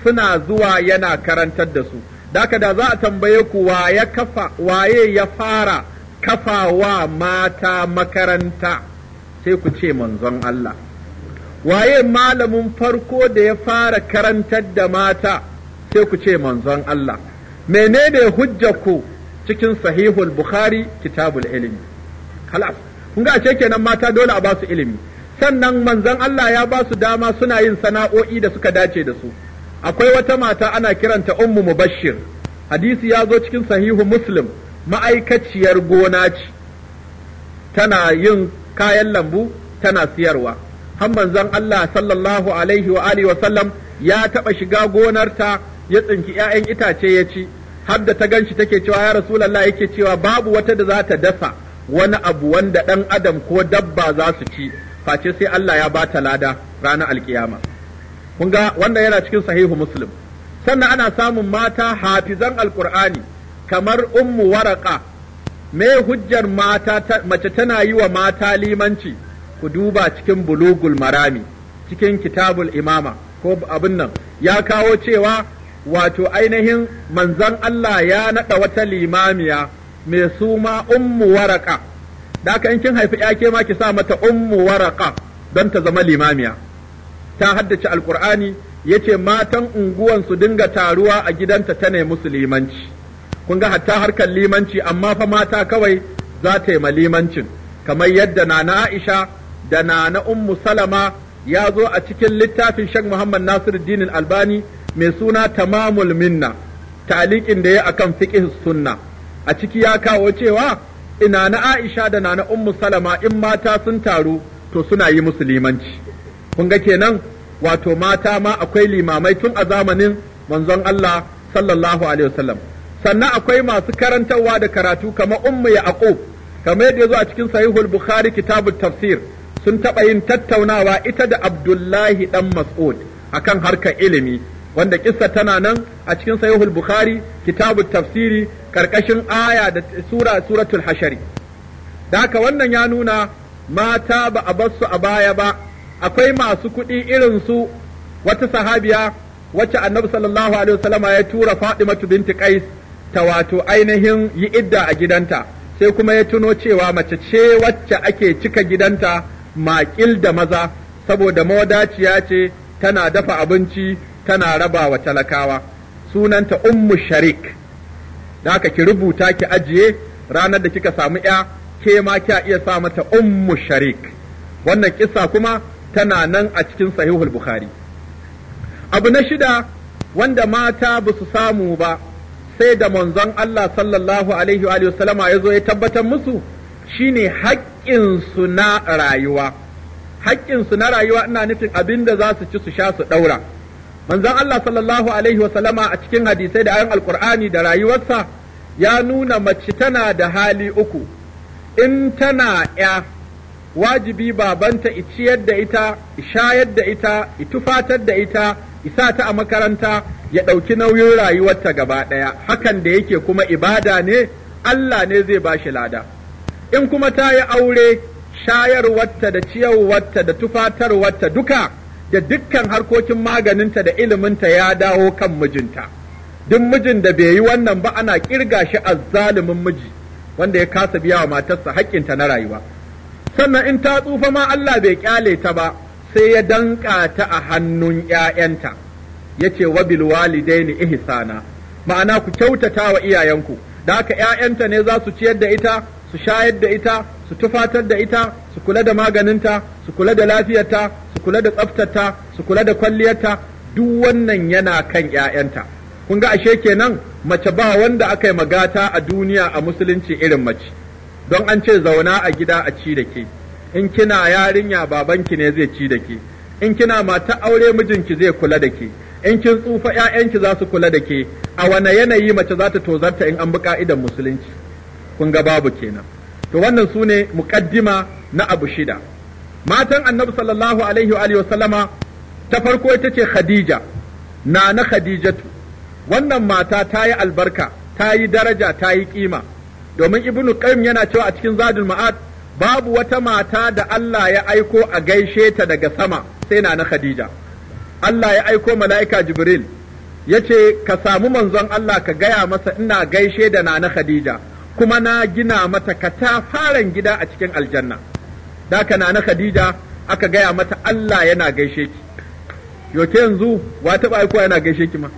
suna zuwa yana karantar da su daka da za a tambaye ku waye kafa waye ya fara kafawa mata makaranta sai ku ce manzon Allah waye malamin farko da ya fara karantar da mata sai ku ce manzon Allah menene ku cikin sahihul bukhari kitabul ilimi halas kun ga ce kenan mata dole a ba su ilimi sannan manzon Allah ya ba su dama suna yin sana'o'i da suka dace da su akwai wata mata ana kiranta ummu mubashir hadisi ya zo cikin sahihu muslim ma'aikaciyar gona ce tana yin kayan lambu tana siyarwa har manzon Allah sallallahu alaihi wa wa sallam ya taɓa shiga gonarta ya tsinki 'ya'yan itace ya ci har da ta ganshi take cewa ya rasu rasulullah yake cewa babu wata da za ta dasa wani abu wanda ɗan adam ko dabba za su ci face sai Allah ya ba ta lada ranar alkiyama kun ga wanda yana cikin sahihu muslim sannan ana samun mata hafizan alkur'ani kamar ummu waraka me hujjar mata mace tana yi wa mata limanci ku duba cikin bulugul marami cikin kitabul imama ko abin nan ya kawo cewa wato ainihin manzan Allah ya naɗa wata limamiya mai suma ummu waraka da aka in kin haifi ya ke ma ki sa mata ummu waraka don ta zama limamiya ta haddace ya yace matan unguwan su dinga taruwa a gidanta ta nemi musu limanci kun ga hatta harkar limanci amma fa mata kawai za ta yi ma limancin kamar yadda na Aisha da na Ummu Salama ya zo a cikin littafin Sheikh Muhammad Nasiru, Nasiruddin Albani mai suna Tamamul Minna talikin da ya akan fiqh sunna a ciki ya kawo cewa ina na Aisha da nana Ummu Salama in mata sun taru to suna yi musu limanci kun ga kenan wato mata ma akwai limamai tun a zamanin manzon Allah sallallahu alaihi wasallam sannan akwai masu karantarwa da karatu kamar Ummu Yaqub kamar yadda zuwa a cikin Sahihul Bukhari kitabut tafsir sun taɓa yin tattaunawa ita da Abdullahi dan Mas'ud akan harkar ilimi wanda kissa tana nan a cikin Sahihul Bukhari kitabut tafsiri karkashin aya da sura suratul hashari daka wannan ya nuna mata ba a bar su a baya ba akwai masu kuɗi irin su wata sahabiya wacce annabi sallallahu alaihi wasallama ya tura Fatimatu binti Qais ta wato ainihin yi idda a gidanta sai kuma ya tuno cewa mace ce wacce ake cika gidanta maƙil da maza saboda mawadaciya ce tana dafa abinci tana raba wa talakawa sunanta ummu sharik da haka ki rubuta ki ajiye ranar da kika samu ya ke ma kya iya sa mata ummu sharik wannan kissa kuma tana nan a cikin sahihul bukhari abu na shida wanda mata ba su samu ba sai da manzon Allah sallallahu alaihi wa sallama ya zo ya tabbatar musu shine su na rayuwa su na rayuwa ina nufin abin da za su ci su sha su ɗaura manzon Allah sallallahu alaihi wasallama a cikin hadisai da ayan alkur'ani da rayuwarsa ya nuna mace tana da hali uku in tana ya wajibi babanta iciyar da ita shayar da ita itufatar da ita isa ta a makaranta ya ɗauki nauyin rayuwarta gaba ɗaya hakan da yake kuma ibada ne Allah ne zai ba shi lada in kuma ta yi aure shayarwarta da ciyarwarta da tufatarwarta duka da dukkan harkokin maganinta da iliminta ya dawo kan mijinta duk mijin da bai yi wannan ba ana kirga shi a azzalumin miji wanda ya kasa biya wa matarsa haƙƙinta na rayuwa sannan in ta tsufa ma Allah bai ƙyale ta ba sai ya danƙa ta a hannun ‘ya'yanta ya ce wa bilwalidaini ihsana ma'ana ku kyautata wa iyayenku da haka ‘ya'yanta ne za su ciyar da ita su shayar da ita su tufatar da ita su kula da maganinta su kula da lafiyarta su kula da tsaftarta su kula da kwalliyarta duk wannan yana kan ‘ya'yanta kun ga ashe kenan mace ba wanda aka yi magata a duniya a musulunci irin mace don an ce zauna a gida a ci da ke in kina yarinya babanki ne zai ci da ke in kina mata aure mijinki zai kula da ke in kin tsufa ‘ya'yanki za su kula da ke a wane yanayi mace za ta tozarta in an bi ƙa'idan musulunci kun ga babu kenan to wannan su ne muƙaddima na abu shida matan annabi sallallahu alaihi wa sallama ta farko ita ce khadija na na khadijatu wannan mata ta yi albarka ta yi daraja ta yi kima domin ibnu qayyim yana cewa a cikin zadul ma'ad babu wata mata da Allah ya aiko a gaishe ta daga sama sai na na khadija Allah ya aiko mala'ika jibril ya ce ka samu manzon Allah ka gaya masa ina gaishe da na na khadija kuma na gina mata katafaren gida a cikin aljanna Da na Khadija aka gaya mata Allah yana gaishe ki yoke yanzu wa taɓa aiko yana gaishe ki ma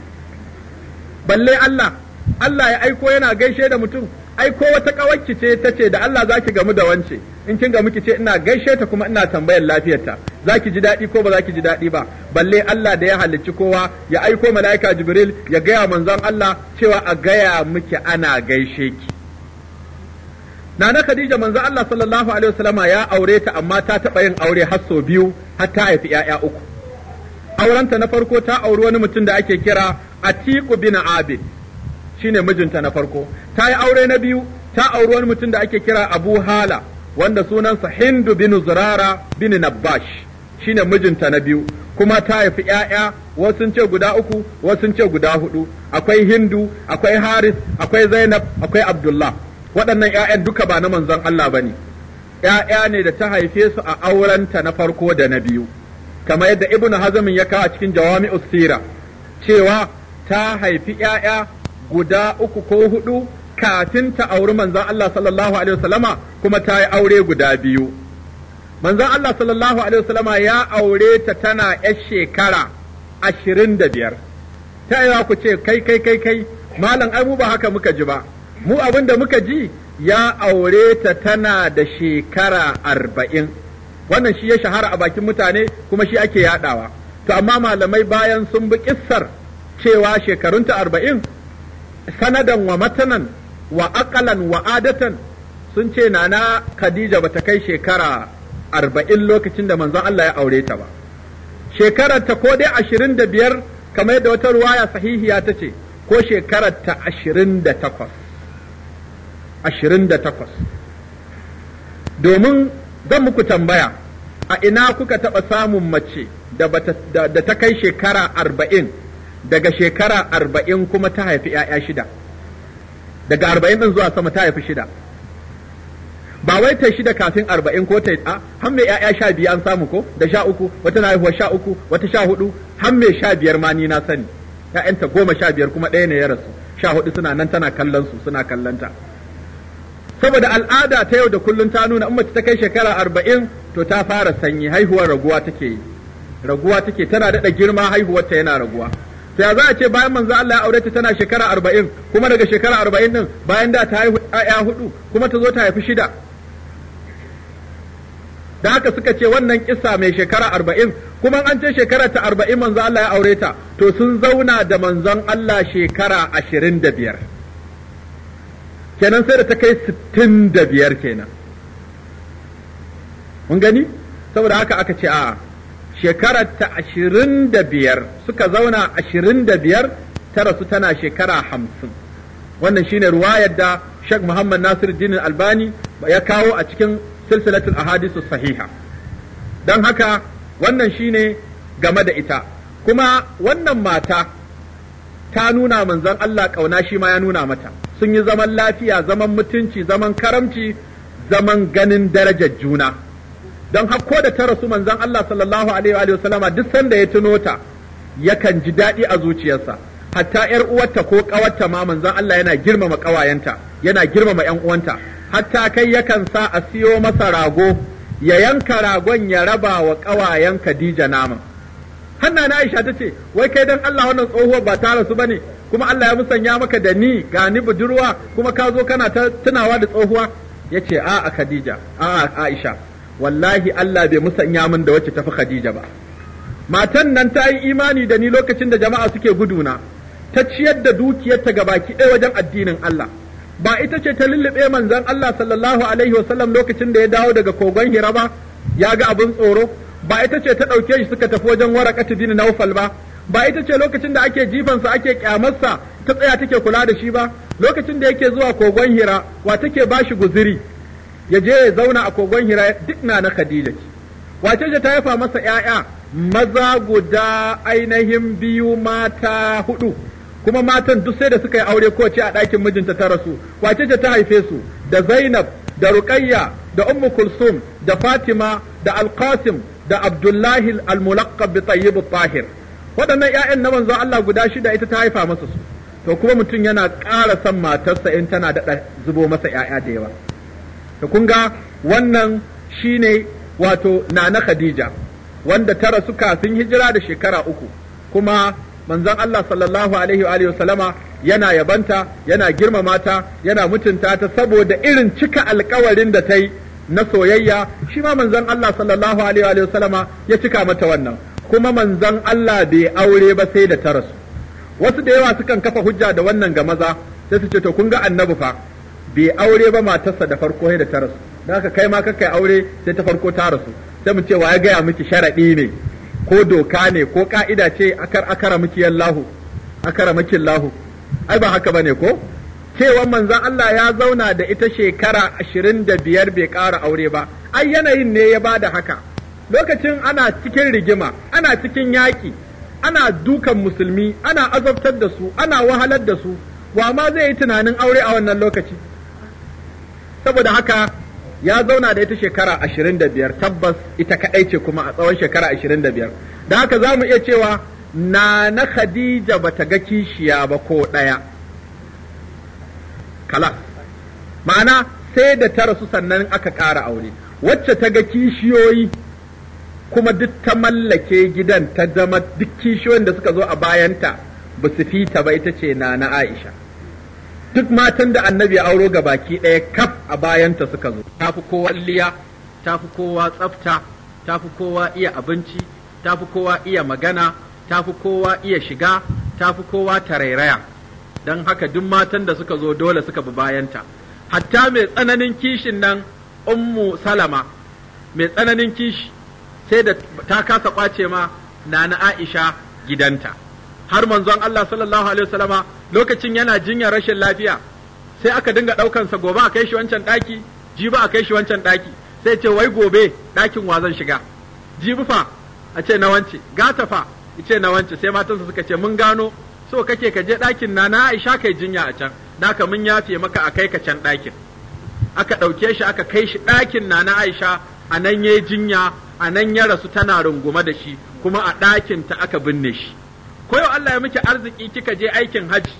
balle Allah Allah ya aiko yana gaishe da mutum aiko wata kawarki ce ta ce da Allah za ki gamu da wance in kin gamu ki ce ina gaishe ta kuma ina tambayar lafiyarta za ki ji daɗi ko ba za ki ji daɗi ba balle Allah da ya halicci kowa ya aiko mala'ika Jibril ya gaya manzon Allah cewa a gaya miki ana gaishe ki Nana Khadija manzo Allah sallallahu alaihi wasallama ya aure ta amma ta taɓa yin aure har sau biyu har ta haifi ‘ya'ya uku. Aurenta na farko ta auri wani mutum da ake kira Atiku bin Abid shine mijinta na farko. Ta yi aure na biyu ta auri wani mutum da ake kira Abu Hala wanda sunansa Hindu bin Zurara bin Nabbash shine mijinta na biyu. kuma ta haifi ‘ya'ya wasu ce guda uku wasu ce guda hudu akwai Hindu akwai Haris akwai Zainab akwai Abdullah. waɗannan ‘ya'yan duka ba na manzon Allah ba ne, ‘ya'ya ne da ta haife su a aurenta na farko da na biyu, kamar yadda Ibn Hazmin ya kawo cikin Jawami Ustira, cewa ta haifi ‘ya'ya guda uku ko hudu kafin ta auri manzon Allah sallallahu Alaihi wasallama kuma ta yi aure guda biyu. Manzon Allah sallallahu Alaihi wasallama ya aure ta tana ‘yar shekara ashirin da biyar. Ta yi ku ce, kai, kai, kai, kai, malam ai mu ba haka muka ji ba. mu abin da muka ji ya aure ta tana da shekara arba'in wannan shi ya shahara a bakin mutane kuma shi ake yaɗawa. to amma malamai bayan sun bi kissar cewa shekarunta arba'in sanadan wa matanan wa akalan wa adatan sun ce nana Khadija bata kai shekara arba'in lokacin da manzon Allah ya aure ta ba shekarar ta ko dai ashirin da biyar kamar yadda wata ruwaya sahihiya ta ce ko shekarar ta ashirin da takwas ashirin da takwas domin zan muku tambaya a ina kuka taɓa samun mace da ta kai shekara arba'in daga shekara arba'in kuma ta haifi ‘ya'ya shida daga arba'in ɗin zuwa sama ta haifi shida ba wai ta shida kafin arba'in ko ta a har mai ‘ya'ya sha biyu an samu ko da sha uku wata na haihuwa sha uku wata sha hudu har mai sha biyar ma ni na sani ‘ya'yanta goma sha biyar kuma ɗaya ne ya rasu sha hudu suna nan tana kallon su suna kallon ta saboda al'ada ta yau da kullum ta nuna in mace ta kai shekara arba'in to ta fara sanyi haihuwar raguwa take yi raguwa take tana daɗa girma haihuwar ta yana raguwa ta za a ce bayan manzo Allah ya aure ta tana shekara arba'in kuma daga shekara arba'in din bayan da ta haihu ya hudu kuma ta zo ta haifi shida da haka suka ce wannan kisa mai shekara arba'in kuma an ce shekara ta arba'in manzo Allah ya aure ta to sun zauna da manzon Allah shekara ashirin da biyar kenan sai da ta kai sittin da biyar kenan mun gani saboda haka aka ce a shekarar ta ashirin da biyar suka zauna ashirin da biyar ta rasu tana shekara hamsin wannan shine ruwa yadda Sheikh Muhammad Nasir Dinin Albani ya kawo a cikin silsilatul ahadisu sahiha don haka wannan shine game da ita kuma wannan mata ta nuna manzon Allah ƙauna shi ma ya nuna mata sun yi zaman lafiya zaman mutunci zaman karamci zaman ganin darajar juna don hakko da ta rasu manzon Allah sallallahu alaihi wa sallama duk sanda ya tuno ta yakan ji daɗi a zuciyarsa hatta ‘yar uwarta ko ƙawarta ma manzon Allah yana girmama ƙawayenta, yana girmama ‘yan uwanta, hatta kai yakan sa a siyo masa rago, ya yanka ragon ya raba wa ƙawayen Khadija naman. Hanna Aisha ta ce, wai kai don Allah wannan tsohuwar ba ta rasu ba ne, kuma Allah ya musanya maka da ni ga ni budurwa kuma ka zo kana ta tunawa da tsohuwa yace a a Khadija a a Aisha wallahi Allah bai musanya min da wacce tafi Khadija ba matan nan ta yi imani da ni lokacin da jama'a suke guduna ta ciyar da dukiyarta ga baki ɗaya wajen addinin Allah ba ita ce ta lullube manzon Allah sallallahu alaihi wasallam lokacin da ya dawo daga kogon Hira ba ya ga abin tsoro ba ita ce ta ɗauke shi suka tafi wajen warakatu bin Naufal ba ba ita ce lokacin da ake jifansa ake kyamarsa ta tsaya take kula da shi ba lokacin da yake zuwa kogon hira wa take ba shi guziri ya je ya zauna a kogon hira duk na na khadija ce wace ce ta haifa masa ‘ya'ya maza guda ainihin biyu mata hudu kuma matan duk sai da suka yi aure kowace a ɗakin mijinta ta rasu wace ce ta haife su da zainab da ruqayya da ummu kulsum da fatima da alqasim da abdullahi al-mulaqqab bi tayyib tahir waɗannan ƴaƴan na wanzuwa Allah guda shida ita ta haifa masa su to kuma mutum yana ƙara son matarsa in tana daɗa zubo masa yaya da yawa to kun ga wannan shi ne wato na na Khadija wanda tara su kafin hijira da shekara uku kuma manzon Allah sallallahu alaihi wa sallama yana yabanta yana girmama ta yana mutunta ta saboda irin cika alkawarin da ta yi na soyayya shi ma manzon Allah sallallahu alaihi wa sallama ya cika mata wannan kuma manzon Allah bai aure ba sai da ta rasu wasu da yawa sukan kafa hujja da wannan ga maza sai su ce to kun ga annabi fa bai aure ba matarsa da farko sai da ta rasu da haka kai ma kakai aure sai ta farko ta rasu sai mu ce wa ya gaya miki sharaɗi ne ko doka ne ko ka'ida ce akar akara miki Allahu akara miki lahu ai ba haka bane ko cewa manzon Allah ya zauna da ita shekara ashirin da biyar bai ƙara aure ba ai yanayin ne ya bada haka lokacin ana cikin rigima ana cikin yaƙi ana dukan musulmi ana azabtar da su ana wahalar da su wa ma zai yi tunanin aure a wannan lokaci saboda haka ya zauna da ita shekara ashirin da biyar tabbas ita kaɗai ce kuma a tsawon shekara ashirin da biyar da haka za mu iya cewa na na khadija ba ta ga kishiya ba ko ɗaya kala ma'ana sai da ta rasu sannan aka ƙara aure wacce ta ga kishiyoyi kuma duk ta mallake gidan ta zama duk kishiyoyin da suka zo a bayanta ba su fita ba ita ce na na Aisha duk matan da annabi ya auro ga baki ɗaya kaf a bayanta suka zo ta fi kowa liya ta fi kowa tsafta ta fi kowa iya abinci ta fi kowa iya magana ta fi kowa iya shiga ta fi kowa tarairaya don haka duk matan da suka zo dole suka bi bayanta hatta mai tsananin kishin nan ummu salama mai tsananin kishi sai da ta kasa kwace ma na Aisha gidanta har manzon Allah sallallahu alaihi wasallama lokacin yana jinyar rashin lafiya sai aka dinga ɗaukan sa gobe a kai shi wancan ɗaki jibi a kai shi wancan ɗaki sai ce wai gobe ɗakin wa zan shiga jibi fa a ce na wance gata fa a ce na wance sai matansa suka ce mun gano so kake ka je ɗakin na na Aisha kai jinya a can naka mun yafe maka a kai ka can ɗakin aka ɗauke shi aka kai shi ɗakin na na Aisha a nan ya yi jinya a nan ya rasu tana rungume da shi kuma a ɗakin ta aka binne shi koyo Allah ya miki arziki kika je aikin hajji.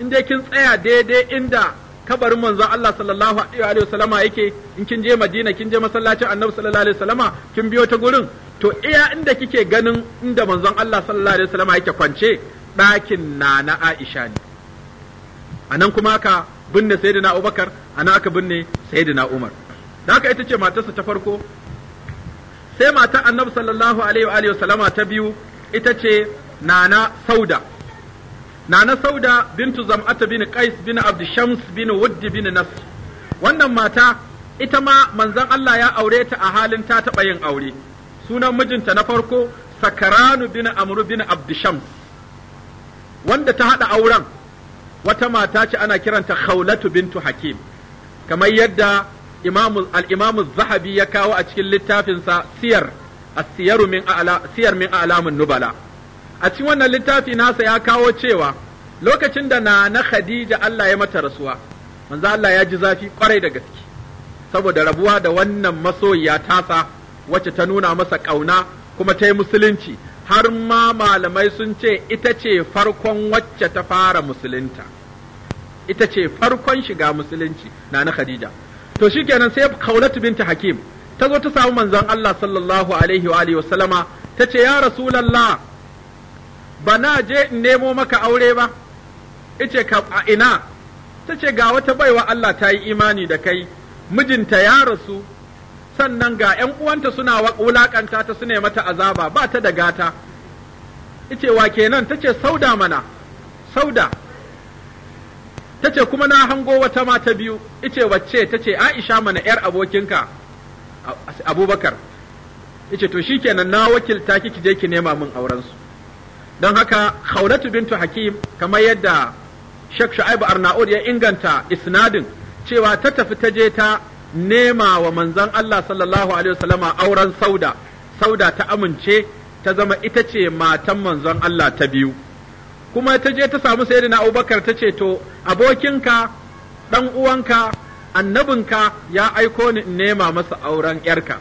in dai kin tsaya daidai inda kabarin manzon Allah sallallahu alaihi wa sallama yake in kin je Madina kin je masallacin Annabi sallallahu alaihi wa sallama kin biyo ta gurin to iya inda kike ganin inda manzon Allah sallallahu alaihi wa sallama yake kwance ɗakin na Aisha ne anan kuma aka binne Sayyidina Abubakar anan aka binne Sayyidina Umar da haka ita ce matarsa ta farko sai mata annabi sallallahu alaihi wa alihi sallama ta biyu ita ce nana sauda nana sauda bintu zam'ata bin qais bin abd shams bin wudd bin nas wannan mata ita ma manzon Allah ya aure ta a halin ta taba yin aure sunan mijinta na farko sakaranu bin amru bin abd shams wanda ta hada auren wata mata ce ana kiranta khawlatu bintu hakim kamar yadda al-imamu zahabi ya kawo a cikin littafinsa siyar asiyaru min a'la siyar min a'lamun nubala a cikin wannan littafi nasa ya kawo cewa lokacin da na na Khadija Allah ya mata rasuwa manzo Allah ya ji zafi kwarai da gaske saboda rabuwa da wannan masoyiya tasa wacce ta nuna masa kauna kuma ta yi musulunci har ma malamai sun ce ita ce farkon wacce ta fara musulunta ita ce farkon shiga musulunci na na Khadija to shikenan sai Khawlat binti Hakim ta zo ta samu manzon Allah sallallahu alaihi wa alihi wasallama ta ce ya Rasulullah ba na je in nemo maka aure ba ice ka a ina ta ce ga wata baiwa Allah ta yi imani da kai mijinta ya rasu sannan ga ‘yan uwanta suna wulakanta ta ne mata azaba ba ta da gata ice wa kenan ta ce sauda mana sauda tace kuma na hango wata mata biyu ice wacce tace Aisha mana yar abokinka Abubakar ice to shikenan na wakilta kiki je ki nema min aurensu. don haka Khawlatu bintu Hakim kamar yadda Sheikh Shu'aibu Arnaud ya inganta isnadin cewa ta tafi ta je ta nema wa manzon Allah sallallahu alaihi wasallama auren Sauda Sauda ta amince ta zama ita ce matan manzon Allah ta biyu kuma ta je ta samu na Abubakar ta ce to abokinka dan uwanka annabinka ya aiko ni in nema masa auren yarka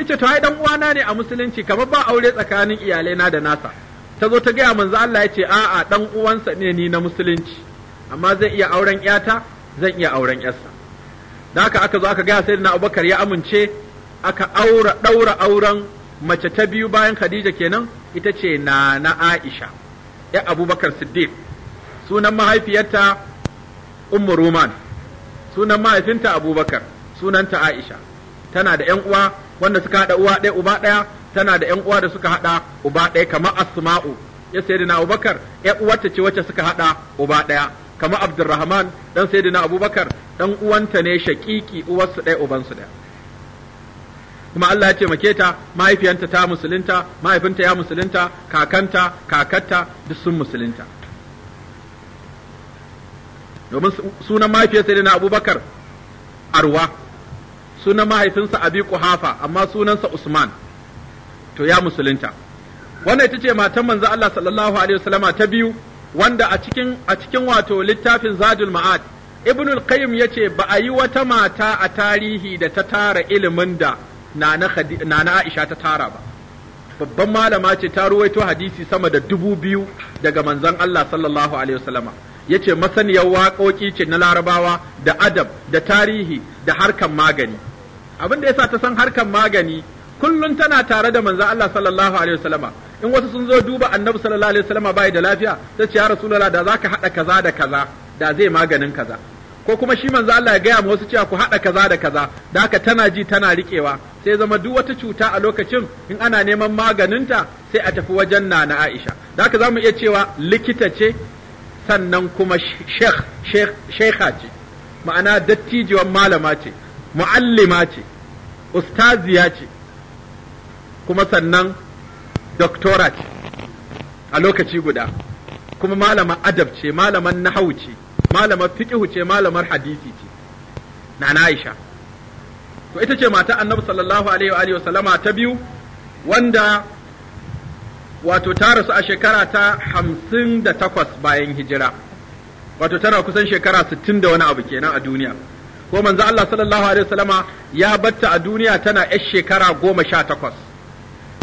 ita to ai dan uwana ne a musulunci kamar ba aure tsakanin iyalai na da nasa ta zo ta gaya manzo Allah ya ce a'a dan uwansa ne ni na musulunci amma zai iya auren yata zan iya auren yarsa da haka aka zo aka gaya na Abubakar ya amince aka aura daura auren mace ta biyu bayan Khadija kenan ita ce na na Aisha ya abubakar siddiq sunan mahaifiyarta ummu ruman sunan mahaifinta abubakar sunanta aisha tana da yan uwa wanda suka haɗa uwa ɗaya uba ɗaya tana da yan uwa da suka haɗa uba ɗaya kamar asma'u ya sayyidina abubakar ya uwarta ce wacce suka haɗa uba ɗaya kamar abdurrahman dan sayyidina abubakar dan uwanta ne shaƙiƙi uwarsu ɗaya uban su ɗaya kuma Allah ya ce make ta mahaifiyanta ta musulunta mahaifinta ya musulunta kakanta kakatta, duk sun musulunta domin sunan mahaifiyarsa ne na abubakar arwa sunan mahaifinsa abi kuhafa amma sunansa usman to ya musulunta wannan ita ce matan manzo Allah sallallahu alaihi wasallama ta biyu wanda a cikin a cikin wato littafin zadul ma'ad ibnul qayyim yace ba a yi wata mata a tarihi da ta tara ilimin da Na na Aisha ta tara ba babban malama ce ta ruwaito hadisi sama da dubu biyu daga manzon Allah sallallahu alaihi wasallama yace masaniyar waƙoƙi ce na larabawa da adab da tarihi da harkan magani abin da yasa ta san harkan magani kullum tana tare da manzon Allah sallallahu alaihi wasallama in wasu sun zo duba annabi sallallahu alaihi wasallama bai da lafiya ta ce ya rasulullah da zaka hada kaza da kaza da zai maganin kaza ko kuma shi manzo Allah ya gaya ma wasu cewa ku haɗa kaza da kaza da haka tana ji tana riƙewa sai zama duk wata cuta a lokacin in ana neman maganinta sai a tafi wajen nana Aisha da haka zamu iya cewa likita ce sannan kuma sheikh sheikha ce ma'ana dattijuwar malama ce mu'allima ce ustaziya ce kuma sannan doctorate a lokaci guda kuma malaman adab ce malaman nahau ce malamar fiqhu ce malamar hadisi ce na Aisha to ita ce mata Annabi sallallahu alaihi wa alihi sallama ta biyu wanda wato ta rasu a shekara ta hamsin da takwas bayan hijira wato tana kusan shekara sittin da wani abu kenan a duniya ko manzo Allah sallallahu alaihi sallama ya batta a duniya tana yar shekara goma sha takwas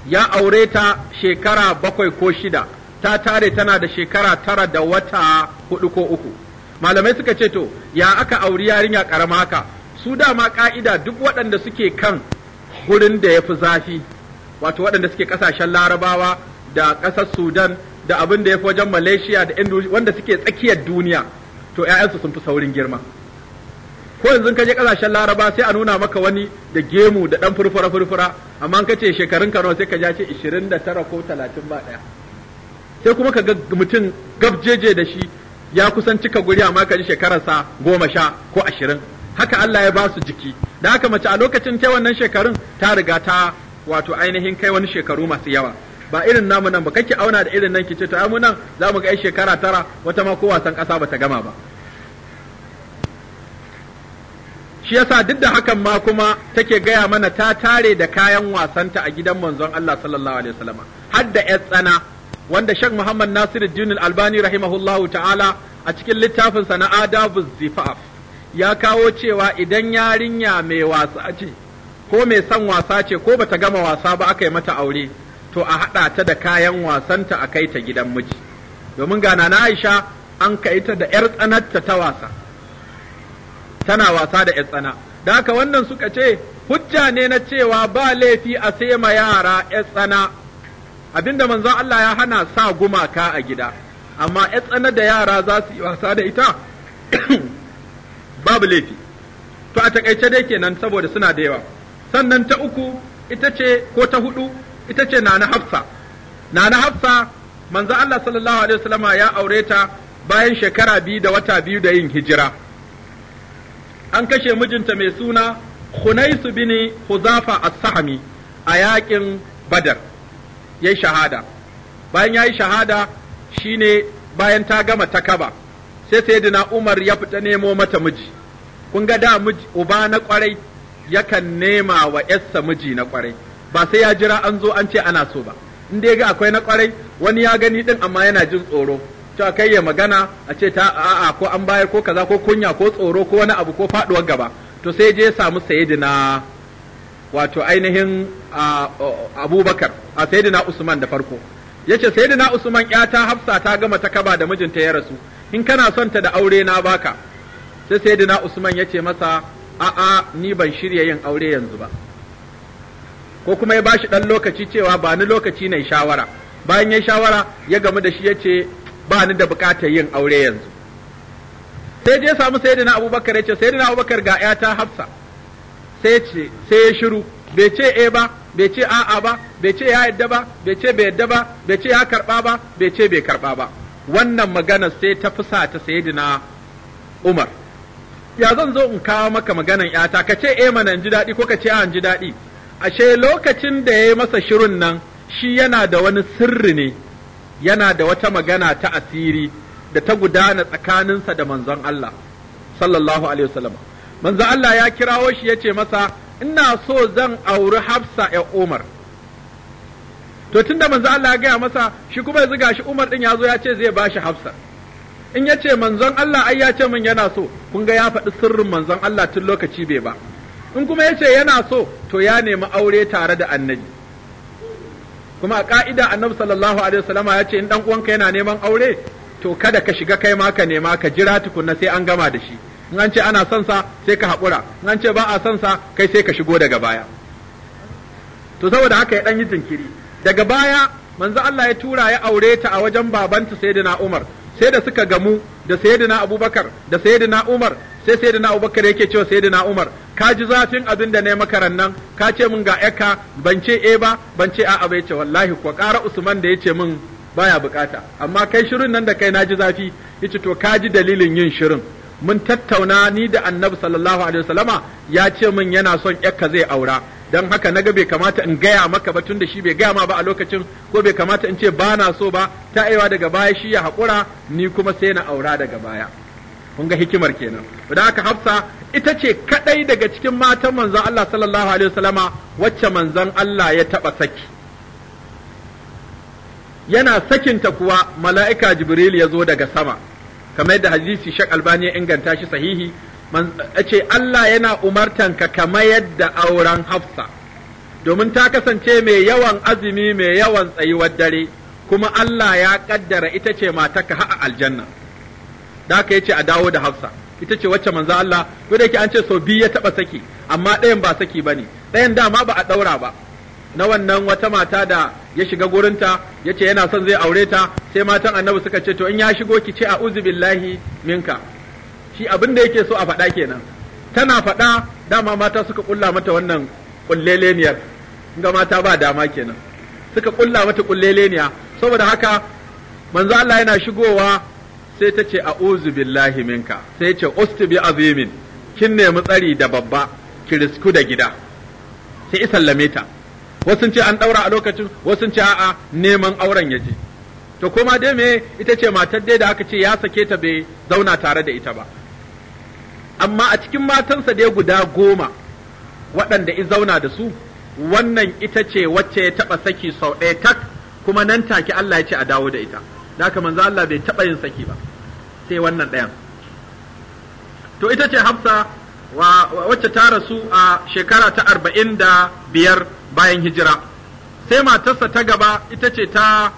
ya aure ta shekara bakwai ko shida ta tare tana da shekara tara da wata hudu ko uku malamai suka ce to ya aka auri yarinya karama haka su dama ka'ida duk waɗanda suke kan gurin da ya fi zafi wato waɗanda suke ƙasashen larabawa da ƙasar sudan da abin da ya fi wajen malaysia da indonesia wanda suke tsakiyar duniya to 'ya'yansu sun fi saurin girma ko yanzu ka je ƙasashen laraba sai a nuna maka wani da gemu da ɗan furfura furfura amma ka ce shekarun ka sai ka ce ishirin da tara ko talatin ba ɗaya sai kuma ka ga mutum gabjeje da shi ya kusan cika guri amma ka ji sa goma sha ko ashirin haka Allah ya ba su jiki da haka mace a lokacin ta wannan shekarun ta riga ta wato ainihin kai wani shekaru masu yawa ba irin namu nan ba kake auna da irin nan ki ce to ai mu nan za mu ga shekara tara wata ma ko wasan ƙasa ba ta gama ba shi yasa duk da hakan ma kuma take gaya mana ta tare da kayan wasanta a gidan manzon Allah sallallahu alaihi wasallama har da 'yar tsana wanda Sheikh Muhammad Nasiruddin Al-Albani rahimahullahu ta'ala a cikin littafinsa na Adabuz Zifaf ya kawo cewa idan yarinya mai wasa ce ko mai son wasa ce ko bata gama wasa ba aka yi mata aure to a haɗa ta da kayan wasanta a kai ta gidan miji domin ga na Aisha an kai ta da ‘yar tsanarta ta wasa tana wasa da ‘yar tsana da haka wannan suka ce hujja ne na cewa ba laifi a sai ma yara ‘yar tsana abinda manzon Allah ya hana sa gumaka a gida amma ya tsana da yara za su yi wasa da ita babu laifi to a takaice dai kenan saboda suna da yawa sannan ta uku ita ce ko ta hudu ita ce nana hafsa nana hafsa manzo Allah sallallahu alaihi wasallama ya aure ta bayan shekara biyu da wata biyu da yin hijira an kashe mijinta mai suna hunaisu bin Huzafa as-Sahmi a yaƙin Badar ya yi shahada bayan ya yi shahada shine bayan ta gama ta kaba sai sayyidina Umar ya fita nemo mata miji kun ga da miji uba na kwarai yakan nema wa yarsa miji na kwarai ba sai ya jira an zo an ce ana so ba in dai ga akwai na kwarai wani ya gani din amma yana jin tsoro cewa kai ya magana a ce ta a'a ko an bayar ko kaza ko kunya ko tsoro ko wani abu ko faduwar gaba to sai je samu sayyidina wato ainihin abubakar a sayidina usman da farko yace sayidina usman ta hafsa ta gama ta kaba da mijinta ya rasu in kana son ta da aure na baka sai sayidina usman yace masa a'a ni ban shirya yin aure yanzu ba ko kuma ya bashi dan lokaci cewa ba ni lokaci ne shawara bayan ya shawara ya gamu da shi yace ba ni da bukatar yin aure yanzu sai je samu sayidina abubakar yace sayidina abubakar ga ta hafsa sai ce sai ya shiru bai ce e ba bai ce a'a ba bai ce ya yadda ba bai ce bai yadda ba bai ce ya karba ba bai ce bai karba ba wannan magana sai ta fusa ta sayyidina Umar ya zan zo in kawo maka maganan yata ka ce e mana ji daɗi ko ka ce a ji daɗi ashe lokacin da yayi masa shirun nan shi yana da wani sirri ne yana da wata magana ta asiri da ta gudana tsakaninsa da manzon Allah sallallahu alaihi wasallam manzo Allah ya kirawo shi ya ce masa ina so zan auri Hafsa ya Umar to tunda manzo Allah ya gaya masa shi kuma yanzu gashi Umar din ya zo ya ce zai bashi Hafsa in ya ce manzon Allah ai ya ce min yana so kun ga ya faɗi sirrin manzon Allah tun lokaci bai ba in kuma yace yana so to ya nemi aure tare da annabi kuma a ka'ida annabi sallallahu alaihi wasallama ya ce in dan uwanka yana neman aure to kada ka shiga kai ma ka nema ka jira tukunna sai an gama da shi in an ce ana son sa sai ka haƙura in an ce ba a son sa kai sai ka shigo daga baya to saboda haka ya dan yi jinkiri daga baya manzo Allah ya tura ya aure ta a wajen babanta sayyidina Umar sai da suka gamu da sayyidina Abubakar da sayyidina Umar sai sayyidina Abubakar yake cewa sayyidina Umar ka ji zafin abin da ne makaran nan ka ce min ga eka ban ce e ba ban ce a'a ba yace wallahi ko ƙara Usman da yace min baya bukata amma kai shirin nan da kai na ji zafi yace to ka ji dalilin yin shirin mun tattauna ni da annabi sallallahu alaihi wasallama ya ce min yana son yakka zai aura dan haka na ga bai kamata in gaya maka ba tunda shi bai gaya ma ba a lokacin ko bai kamata in ce ba na so ba ta aiwa daga baya shi ya haƙura ni kuma sai na aura daga baya kun ga hikimar kenan da haka hafsa ita ce kadai daga cikin matan manzon Allah sallallahu alaihi wasallama wacce manzon Allah ya taba saki yana sakinta kuwa mala'ika jibril ya zo daga sama kamar da hadisi shak Albani ya inganta shi sahihi ce Allah yana ka kamar yadda auren Hafsa domin ta kasance mai yawan azumi mai yawan tsayuwar dare kuma Allah ya kaddara ita ce matarka ha'a aljanna da aka yace a dawo da Hafsa ita ce wacce manzo Allah ko da yake an ce so biyu ya taba saki amma ɗayan ba saki bane ɗayan dama ba a daura ba na wannan wata mata da ya shiga gurinta ya ce yana son zai aure ta sai matan annabi suka ce to in ya shigo ki ce a billahi minka shi abin da yake so a faɗa kenan tana faɗa dama mata suka ƙulla mata wannan ƙulleleniyar ga mata ba dama kenan suka ƙulla mata ƙulleleniya saboda haka manzo Allah yana shigowa sai ta ce a billahi minka sai ce ustubi azimin kin nemi tsari da babba ki risku da gida sai isallame ta wasu ce an ɗaura a lokacin wasu ce a'a neman auren ya je to koma dai me ita ce matar dai da aka ce ya sake ta bai zauna tare da ita ba amma a cikin matansa dai guda goma waɗanda i zauna da su wannan ita ce wacce ya taɓa saki sau ɗaya tak kuma nan take Allah ya ce a dawo da ita da haka manzo Allah bai taɓa yin saki ba sai wannan ɗayan to ita ce Hafsa wacce ta rasu a shekara ta arba'in da biyar bayan hijira sai matarsa ta gaba ita ce ta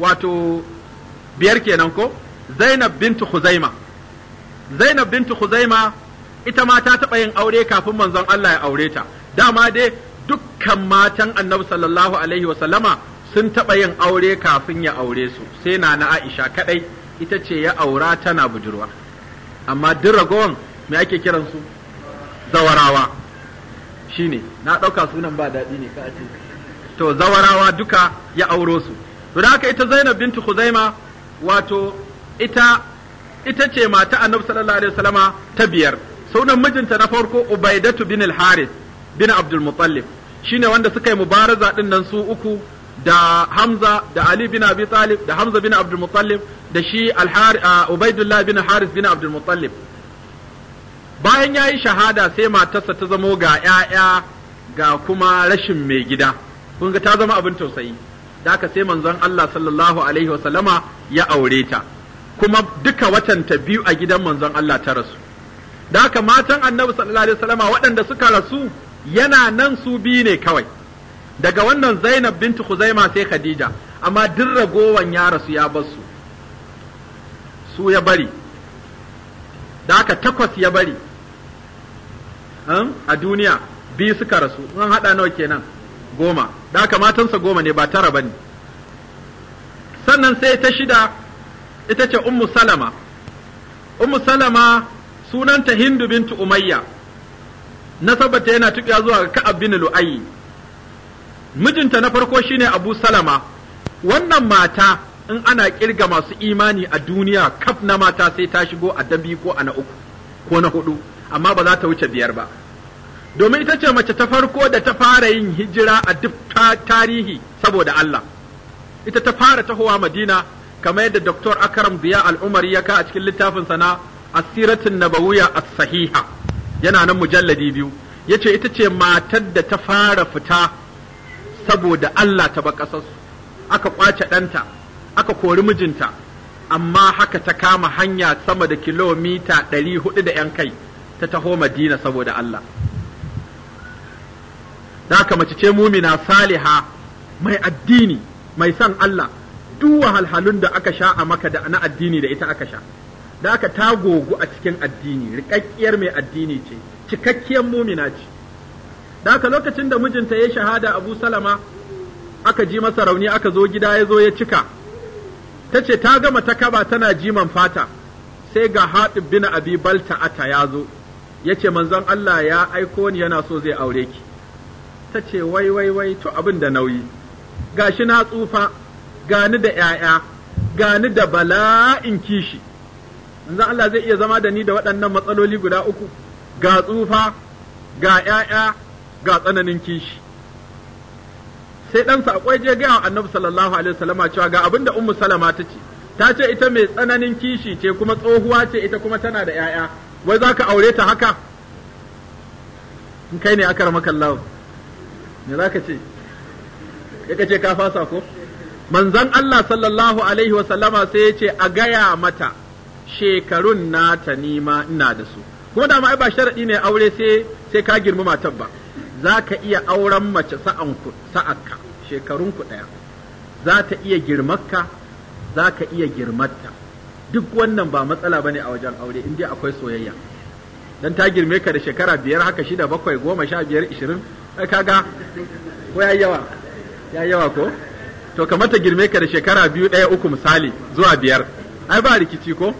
wato biyar kenan ko Zainab bintu Khuzaima Zainab bintu Khuzaima ita ma ta taɓa yin aure kafin manzon Allah ya aure ta dama dai dukkan matan annabi sallallahu alaihi wa sallama sun taɓa yin aure kafin ya aure su sai na na Aisha kaɗai, ita ce ya aura tana budurwa amma duk ragowan me ake kiransu zawarawa Shi ne na ɗauka sunan ba daɗi ne ka ce to zawarawa duka ya auro su to da haka ita Zainab bintu Khuzaima wato ita ita ce mata Annabi sallallahu alaihi wasallama ta biyar sunan mijinta na farko Ubaidatu bin al-Harith bin Abdul Muttalib shine wanda suka yi mubaraza din nan su uku da Hamza da Ali bin Abi Talib da Hamza bin Abdul Muttalib da shi al-Harith Ubaidullah bin Harith bin Abdul Muttalib bayan ya yi shahada sai matarsa ta zamo ga ‘ya'ya ga kuma rashin mai gida, kun ga ta zama abin tausayi, da aka sai manzon Allah sallallahu Alaihi wasallama ya aure ta, kuma duka watanta biyu a gidan manzon Allah ta rasu. Da aka matan annabi sallallahu Alaihi wasallama waɗanda suka rasu yana nan su biyu ne kawai. Daga wannan Zainab bintu Khuzaima sai Khadija, amma duk ragowan ya rasu ya basu. Su ya bari, da aka takwas ya bari, a duniya biyu suka rasu in an haɗa nawa kenan goma da aka matansa goma ne ba tara ba ne sannan sai ta shida ita ce ummu salama ummu salama sunanta hindu bintu umayya nasabata yana tukiya zuwa ga ka'ab bin lu'ayyi mijinta na farko shine abu salama wannan mata in ana kirga masu imani a duniya kaf na mata sai ta shigo a dabi ko a na uku ko na hudu amma ba za ta wuce biyar ba domin ita ce mace ta farko da ta fara yin hijira a duk tarihi saboda Allah ita ta fara tahowa Madina kamar yadda Dr. Akram Ziya Al-Umari ya ka a cikin littafin sana Asiratun Nabawiyya a sahiha yana nan mujalladi biyu Ya ce ita ce matar da ta fara fita saboda Allah ta ƙasarsu. aka ƙwace ɗanta aka kori mijinta amma haka ta kama hanya sama da kilomita ɗari hudu da ‘yan kai ta taho madina saboda Allah haka mace ce mumina saliha mai addini mai son Allah duk wahalhalun da aka sha a maka da na addini da ita aka sha da aka ta gogu a cikin addini rikakkiyar mai addini ce cikakkiyar mumina ce da haka lokacin da mijinta ya shahada Abu Salama aka ji masa rauni aka zo gida ya zo ya cika ta ce ta gama ta kaba tana jiman fata sai ga haɗin bin abi balta ata ya zo yace manzon Allah ya aiko ni yana so zai aure ki ta ce wai wai wai to abin da nauyi gashi na tsufa gani da ‘ya'ya, gani da bala'in kishi, manzon Allah zai iya zama da ni da waɗannan matsaloli guda uku, ga tsufa, ga ‘ya'ya, ga tsananin kishi. Sai ɗansa akwai je gaya annabi sallallahu alaihi wasallama cewa ga abin da Ummu Salama ta ce, ta ce ita mai tsananin kishi ce kuma tsohuwa ce ita kuma tana da ‘ya'ya, wai za ka aure ta haka in kai ne aka rama kallawa me za ka ce ya ce ka fasa ko manzan Allah sallallahu alaihi wa sallama sai ya ce a gaya mata shekarun nata nima ina da su kuma da ma ba sharadi ne aure sai sai ka girma matar ba za ka iya auren mace sa'an ku sa'akka shekarun ku daya za ta iya girmakka za ka iya girmatta duk wannan ba matsala bane a wajen aure in dai akwai soyayya dan ta girme ka da shekara biyar haka shida bakwai goma sha biyar ishirin kaga ko ya yawa ya yawa ko to ta girme ka da shekara biyu ɗaya uku misali zuwa biyar ai ba rikici ko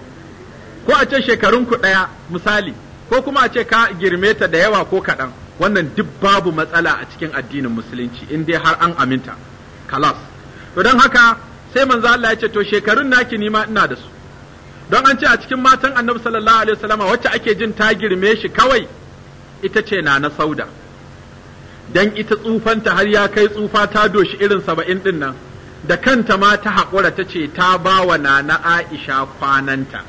ko a ce shekarun ku ɗaya misali ko kuma a ce ka girme ta da yawa ko kaɗan wannan duk babu matsala a cikin addinin musulunci in dai har an aminta kalas to don haka sai manzo Allah ya ce to shekarun naki nima ina da su don an ce a cikin matan annabi sallallahu alaihi wasallama wacce ake jin ta girme shi kawai ita ce na na sauda dan ita tsufanta har ya kai tsufa ta doshi irin saba'in din nan da kanta ma ta haƙura ta ce ta ba wa nana Aisha kwananta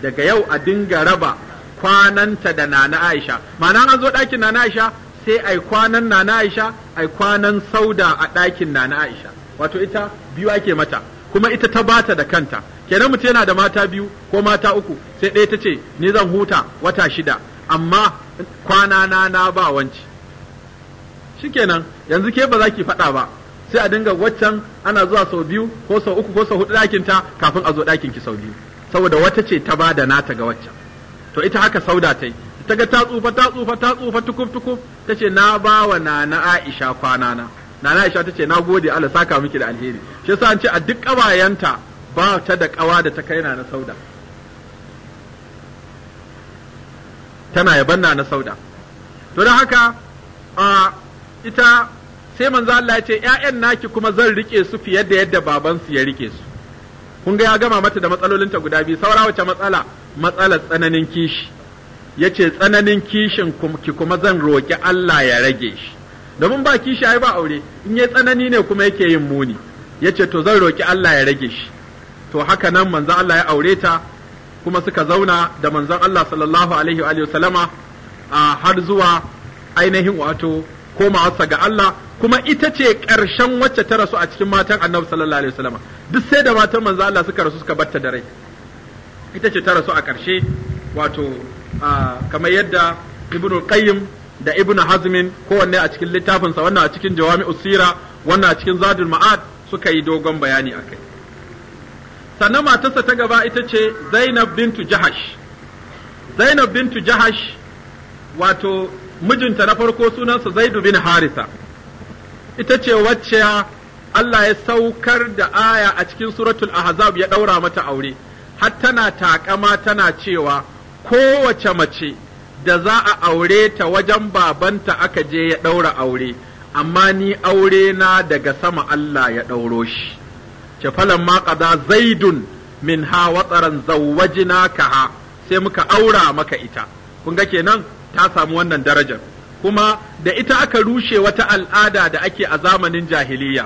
daga yau a dinga raba kwananta da nana Aisha ma'ana an zo ɗakin nana Aisha sai ai kwanan nana Aisha ai kwanan sauda a ɗakin nana Aisha wato ita biyu ake mata kuma ita ta bata da kanta kenan mutum yana da mata biyu ko mata uku sai ɗaya ta ce ni zan huta wata shida amma kwana na na ba wanci shikenan yanzu ke ba za ki faɗa ba sai a dinga waccan ana zuwa sau biyu ko sau uku ko sau hudu ɗakin ta kafin a zo ɗakin ki sau biyu saboda wata ce ta bada nata ga waccan to ita haka sauda ta yi ta ga ta tsufa ta tsufa ta tsufa tukuf tukuf ta ce na ba wa nana Aisha kwana na nana Aisha ta ce na gode Allah saka miki da alheri shi yasa an ce a duk ƙabayenta. ba ta da kawa da ta kai na na sauda tana yaban na sauda to don haka a ita sai manzo Allah ya ce ƴaƴan naki kuma zan rike su fiye da yadda babansu ya rike su kun ga ya gama mata da matsalolinta guda biyu saura wace matsala matsalar tsananin kishi yace tsananin kishin ki kuma zan roki Allah ya rage shi domin ba kishi ai ba aure in ya tsanani ne kuma yake yin muni yace to zan roki Allah ya rage shi to haka nan manzon Allah ya aure ta kuma suka zauna da manzan Allah sallallahu alaihi wa sallama har zuwa ainihin wato komawarsa ga Allah kuma ita ce ƙarshen wacce ta rasu a cikin matan annabi sallallahu alaihi wasallam duk sai da matan manzo Allah suka rasu suka batta da rai ita ce ta rasu a ƙarshe wato kamar yadda ibnu qayyim da ibnu hazmin kowanne a cikin littafinsa wannan a cikin Jawami sira wannan a cikin zadul ma'ad suka yi dogon bayani akai sannan matarsa ta gaba ita ce Zainab bintu Jahash. Zainab bintu Jahash wato mijinta na farko sunansa Zaidu bin Harisa. Ita ce wacce Allah ya saukar da aya a cikin suratul Ahzab ya ɗaura mata aure, har tana taƙama tana cewa kowace mace da za a aure ta wajen babanta aka je ya ɗaura aure, amma ni aure na daga sama Allah ya ɗauro shi. ce falan ma qada zaidun min ha watsaran ka ha sai muka aura maka ita kun ga kenan ta samu wannan darajar kuma da ita aka rushe wata al'ada da ake a zamanin jahiliya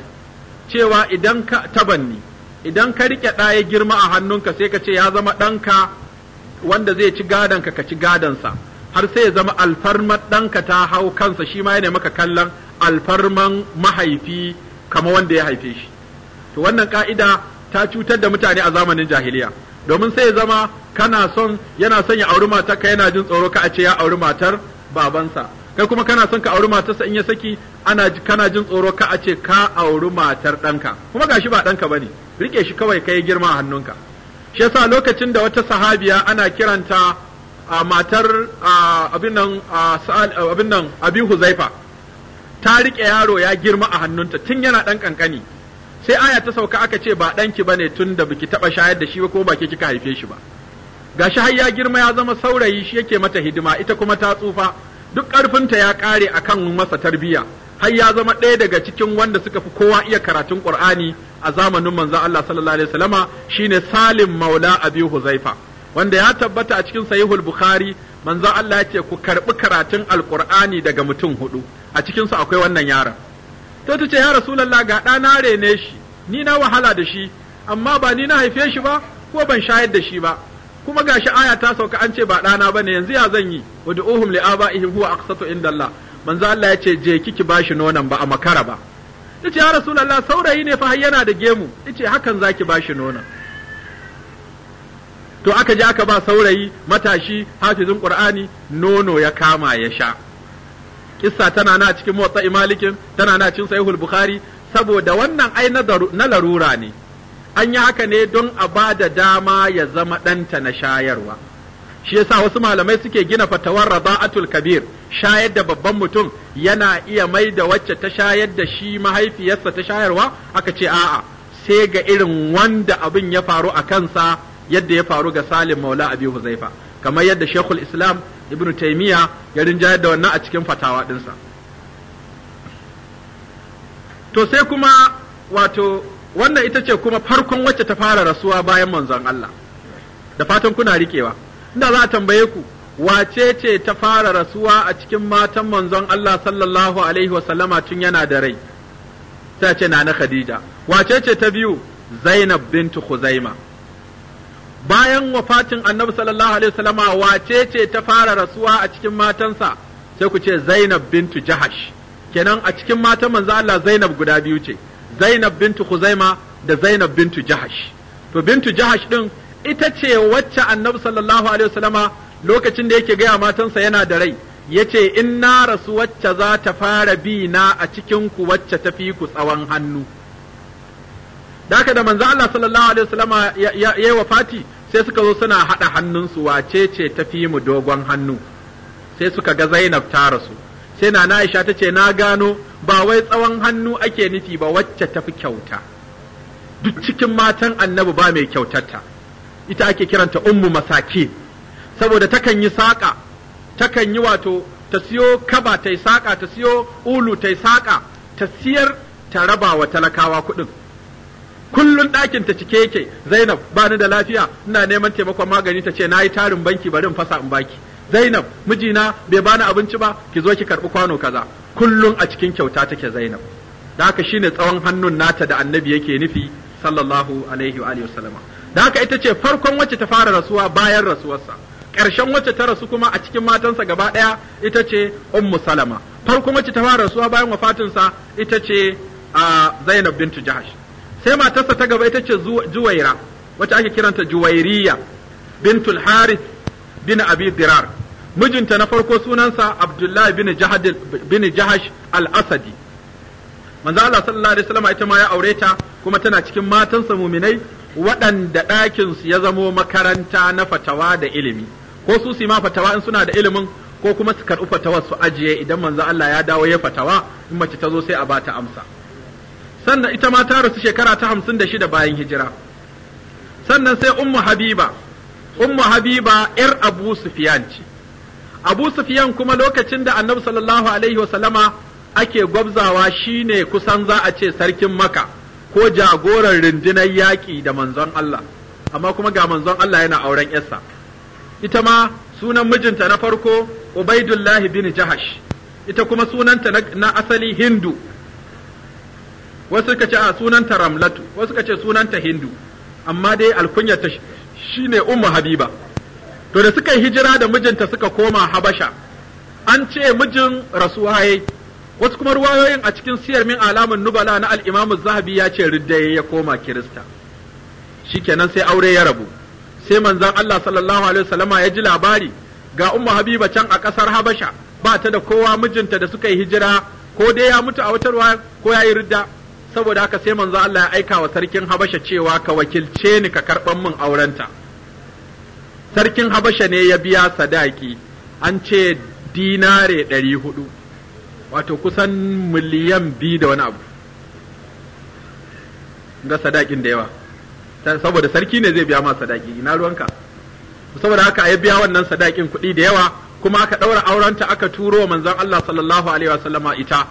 cewa idan ka tabanni idan ka rike ɗaya girma a hannunka sai ka ce ya zama ɗanka wanda zai ci gadonka ka ci gadonsa har sai ya zama alfarman ɗanka ta hau kansa shi ma yana maka kallon alfarman mahaifi kama wanda ya haife shi to wannan ka'ida ta cutar da mutane a zamanin jahiliya domin sai ya zama kana son yana son ya auri ka yana jin tsoro ka a ce ya auri matar babansa kai kuma kana son ka auri matarsa in ya saki ana kana jin tsoro ka a ce ka auri matar ɗanka kuma gashi ba ɗanka bane rike shi kawai kai girma a hannunka shi yasa lokacin da wata sahabiya ana kiranta a matar abin nan abin nan abi huzaifa ta rike yaro ya girma a hannunta tun yana ɗan kankani sai aya ta sauka aka ce ba ɗanki ba ne tun da biki taɓa shayar da shi ba ko ba ke kika haife shi ba gashi har ya girma ya zama saurayi shi yake mata hidima ita kuma ta tsufa duk ƙarfinta ya ƙare a kan masa tarbiyya har ya zama ɗaya daga cikin wanda suka fi kowa iya karatun ƙur'ani a zamanin manzon Allah sallallahu alaihi wasallama shine Salim Maula Abi Huzaifa wanda ya tabbata a cikin Sahihul Bukhari manzon Allah ya ce ku karbi karatun Alƙur'ani daga mutum hudu a cikin su akwai wannan yaron sai ta ce ya rasulallah ga ɗa na rene shi ni na wahala da shi amma ba ni na haife shi ba ko ban shayar da shi ba kuma gashi aya ta sauka an ce ba ɗana bane yanzu ya zan yi wad'uhum li abaihim huwa aqsatu indallah manzo Allah ya ce je kiki shi nonon ba a makara ba yace ya rasulallah saurayi ne fa yana da gemu yace hakan zaki shi nonon to aka je aka ba saurayi matashi hafizin qur'ani nono ya kama ya sha kissa tana na cikin motsa malikin tana na cikin sahihul bukhari saboda wannan ai na larura ne an yi haka ne don a ba da dama ya zama ɗanta na shayarwa shi yasa wasu malamai suke gina fatawar rada'atul kabir shayar da babban mutum yana iya mai da wacce ta shayar da shi mahaifiyarsa ta shayarwa aka ce a'a sai ga irin wanda abin ya faru a kansa yadda ya faru ga Salim Maula Abi Huzaifa kamar yadda shekul Islam ibnu taimiya ya rinjayar da wannan a cikin fatawa ɗinsa to sai kuma wato wannan ita ce kuma farkon wacce ta fara rasuwa bayan manzon Allah da fatan kuna riƙewa inda za a tambaye ku wace ce ta fara rasuwa a cikin matan manzon Allah sallallahu alaihi wasallama tun yana da rai ta ce na na Khadija wace ce ta biyu Zainab bintu Khuzaima bayan wafatin annabi sallallahu alaihi wasallama wace ce ta fara rasuwa a cikin matansa sai ku ce Zainab bintu Jahash kenan a cikin matan manzo Allah Zainab guda biyu ce Zainab bintu Khuzaima da Zainab bintu Jahash to bintu Jahash din ita ce wacce annabi sallallahu alaihi wasallama lokacin da yake gaya matansa yana da rai yace in na rasu wacce za ta fara bi na a cikin ku wacce ta fi ku tsawon hannu da haka da manzo Allah sallallahu alaihi wasallama ya, ya, wafati sai suka zo suna haɗa hannunsu wace ce ta fi mu dogon hannu sai suka ga Zainab ta rasu sai na Aisha ta ce na gano ba wai tsawon hannu ake nufi ba wacce ta fi kyauta duk cikin matan annabi ba mai kyautarta ita ake kiranta ummu masaki saboda takan yi saƙa takan yi wato ta siyo kaba ta yi saƙa ta siyo ulu ta yi saƙa ta siyar ta rabawa talakawa kuɗin kullun ɗakin ta cike yake Zainab bani da lafiya ina neman taimakon magani ta ce na yi tarin banki bari in fasa in baki Zainab mijina bai bani abinci ba ki zo ki karɓi kwano kaza kullun a cikin kyauta take Zainab da haka shine tsawon hannun nata da annabi yake nufi sallallahu alaihi wa alihi wasallama da haka ita ce farkon wacce ta fara rasuwa bayan rasuwarsa ƙarshen wacce ta rasu kuma a cikin matansa gaba ɗaya ita ce ummu salama farkon wacce ta fara rasuwa bayan wafatinsa ita ce a ah, zainab bintu jahash sai matarsa ta gaba ita ce Juwaira wacce ake kiranta Juwairiya bintul Harith bin Abi Dirar mijinta na farko sunansa Abdullahi bin Jahad bin Jahash al-Asadi manzo Allah sallallahu alaihi wasallam ita ma ya aure ta kuma tana cikin matansa muminai waɗanda ɗakin su ya zamo makaranta na fatawa da ilimi ko su su ma fatawa in suna da ilimin ko kuma su karɓi fatawa su ajiye idan manzo Allah ya dawo ya fatawa in mace ta zo sai a bata amsa sannan ita ma ta rasu shekara ta hamsin da shida bayan hijira sannan sai ummu habiba ummu habiba yar abu sufiyan ce abu sufiyan kuma lokacin da annabi sallallahu alaihi wasallama ake gwabzawa shine kusan za a ce sarkin maka ko jagoran rundunar yaƙi da manzon Allah amma kuma ga manzon Allah yana auren yarsa ita ma sunan mijinta na farko Ubaidullahi bin Jahash ita kuma sunanta na asali Hindu wasu suka ce a sunanta Ramlatu wasu suka ce sunanta Hindu amma dai alkunyarta ta shine Ummu Habiba to da suka yi hijira da mijinta suka koma Habasha an ce mijin rasuwa wasu kuma ruwayoyin a cikin siyar min alamun nubala na al Zahabi ya ce riddaye ya koma Kirista shikenan sai aure ya rabu sai manzon Allah sallallahu alaihi wasallama ya ji labari ga umma Habiba can a ƙasar Habasha ba ta da kowa mijinta da suka yi hijira ko dai ya mutu a wata ruwa ko ya yi ridda saboda haka sai manzo Allah ya aika wa sarkin Habasha cewa ka wakilce ni ka karɓan min aurenta sarkin Habasha ne ya biya sadaki an ce dinare ɗari hudu wato kusan miliyan biyu da wani abu ga sadakin da yawa saboda sarki ne zai biya ma sadaki ina ruwanka saboda haka ya biya wannan sadakin kuɗi da yawa kuma aka ɗaura aurenta aka turo manzon Allah sallallahu alaihi wasallama ita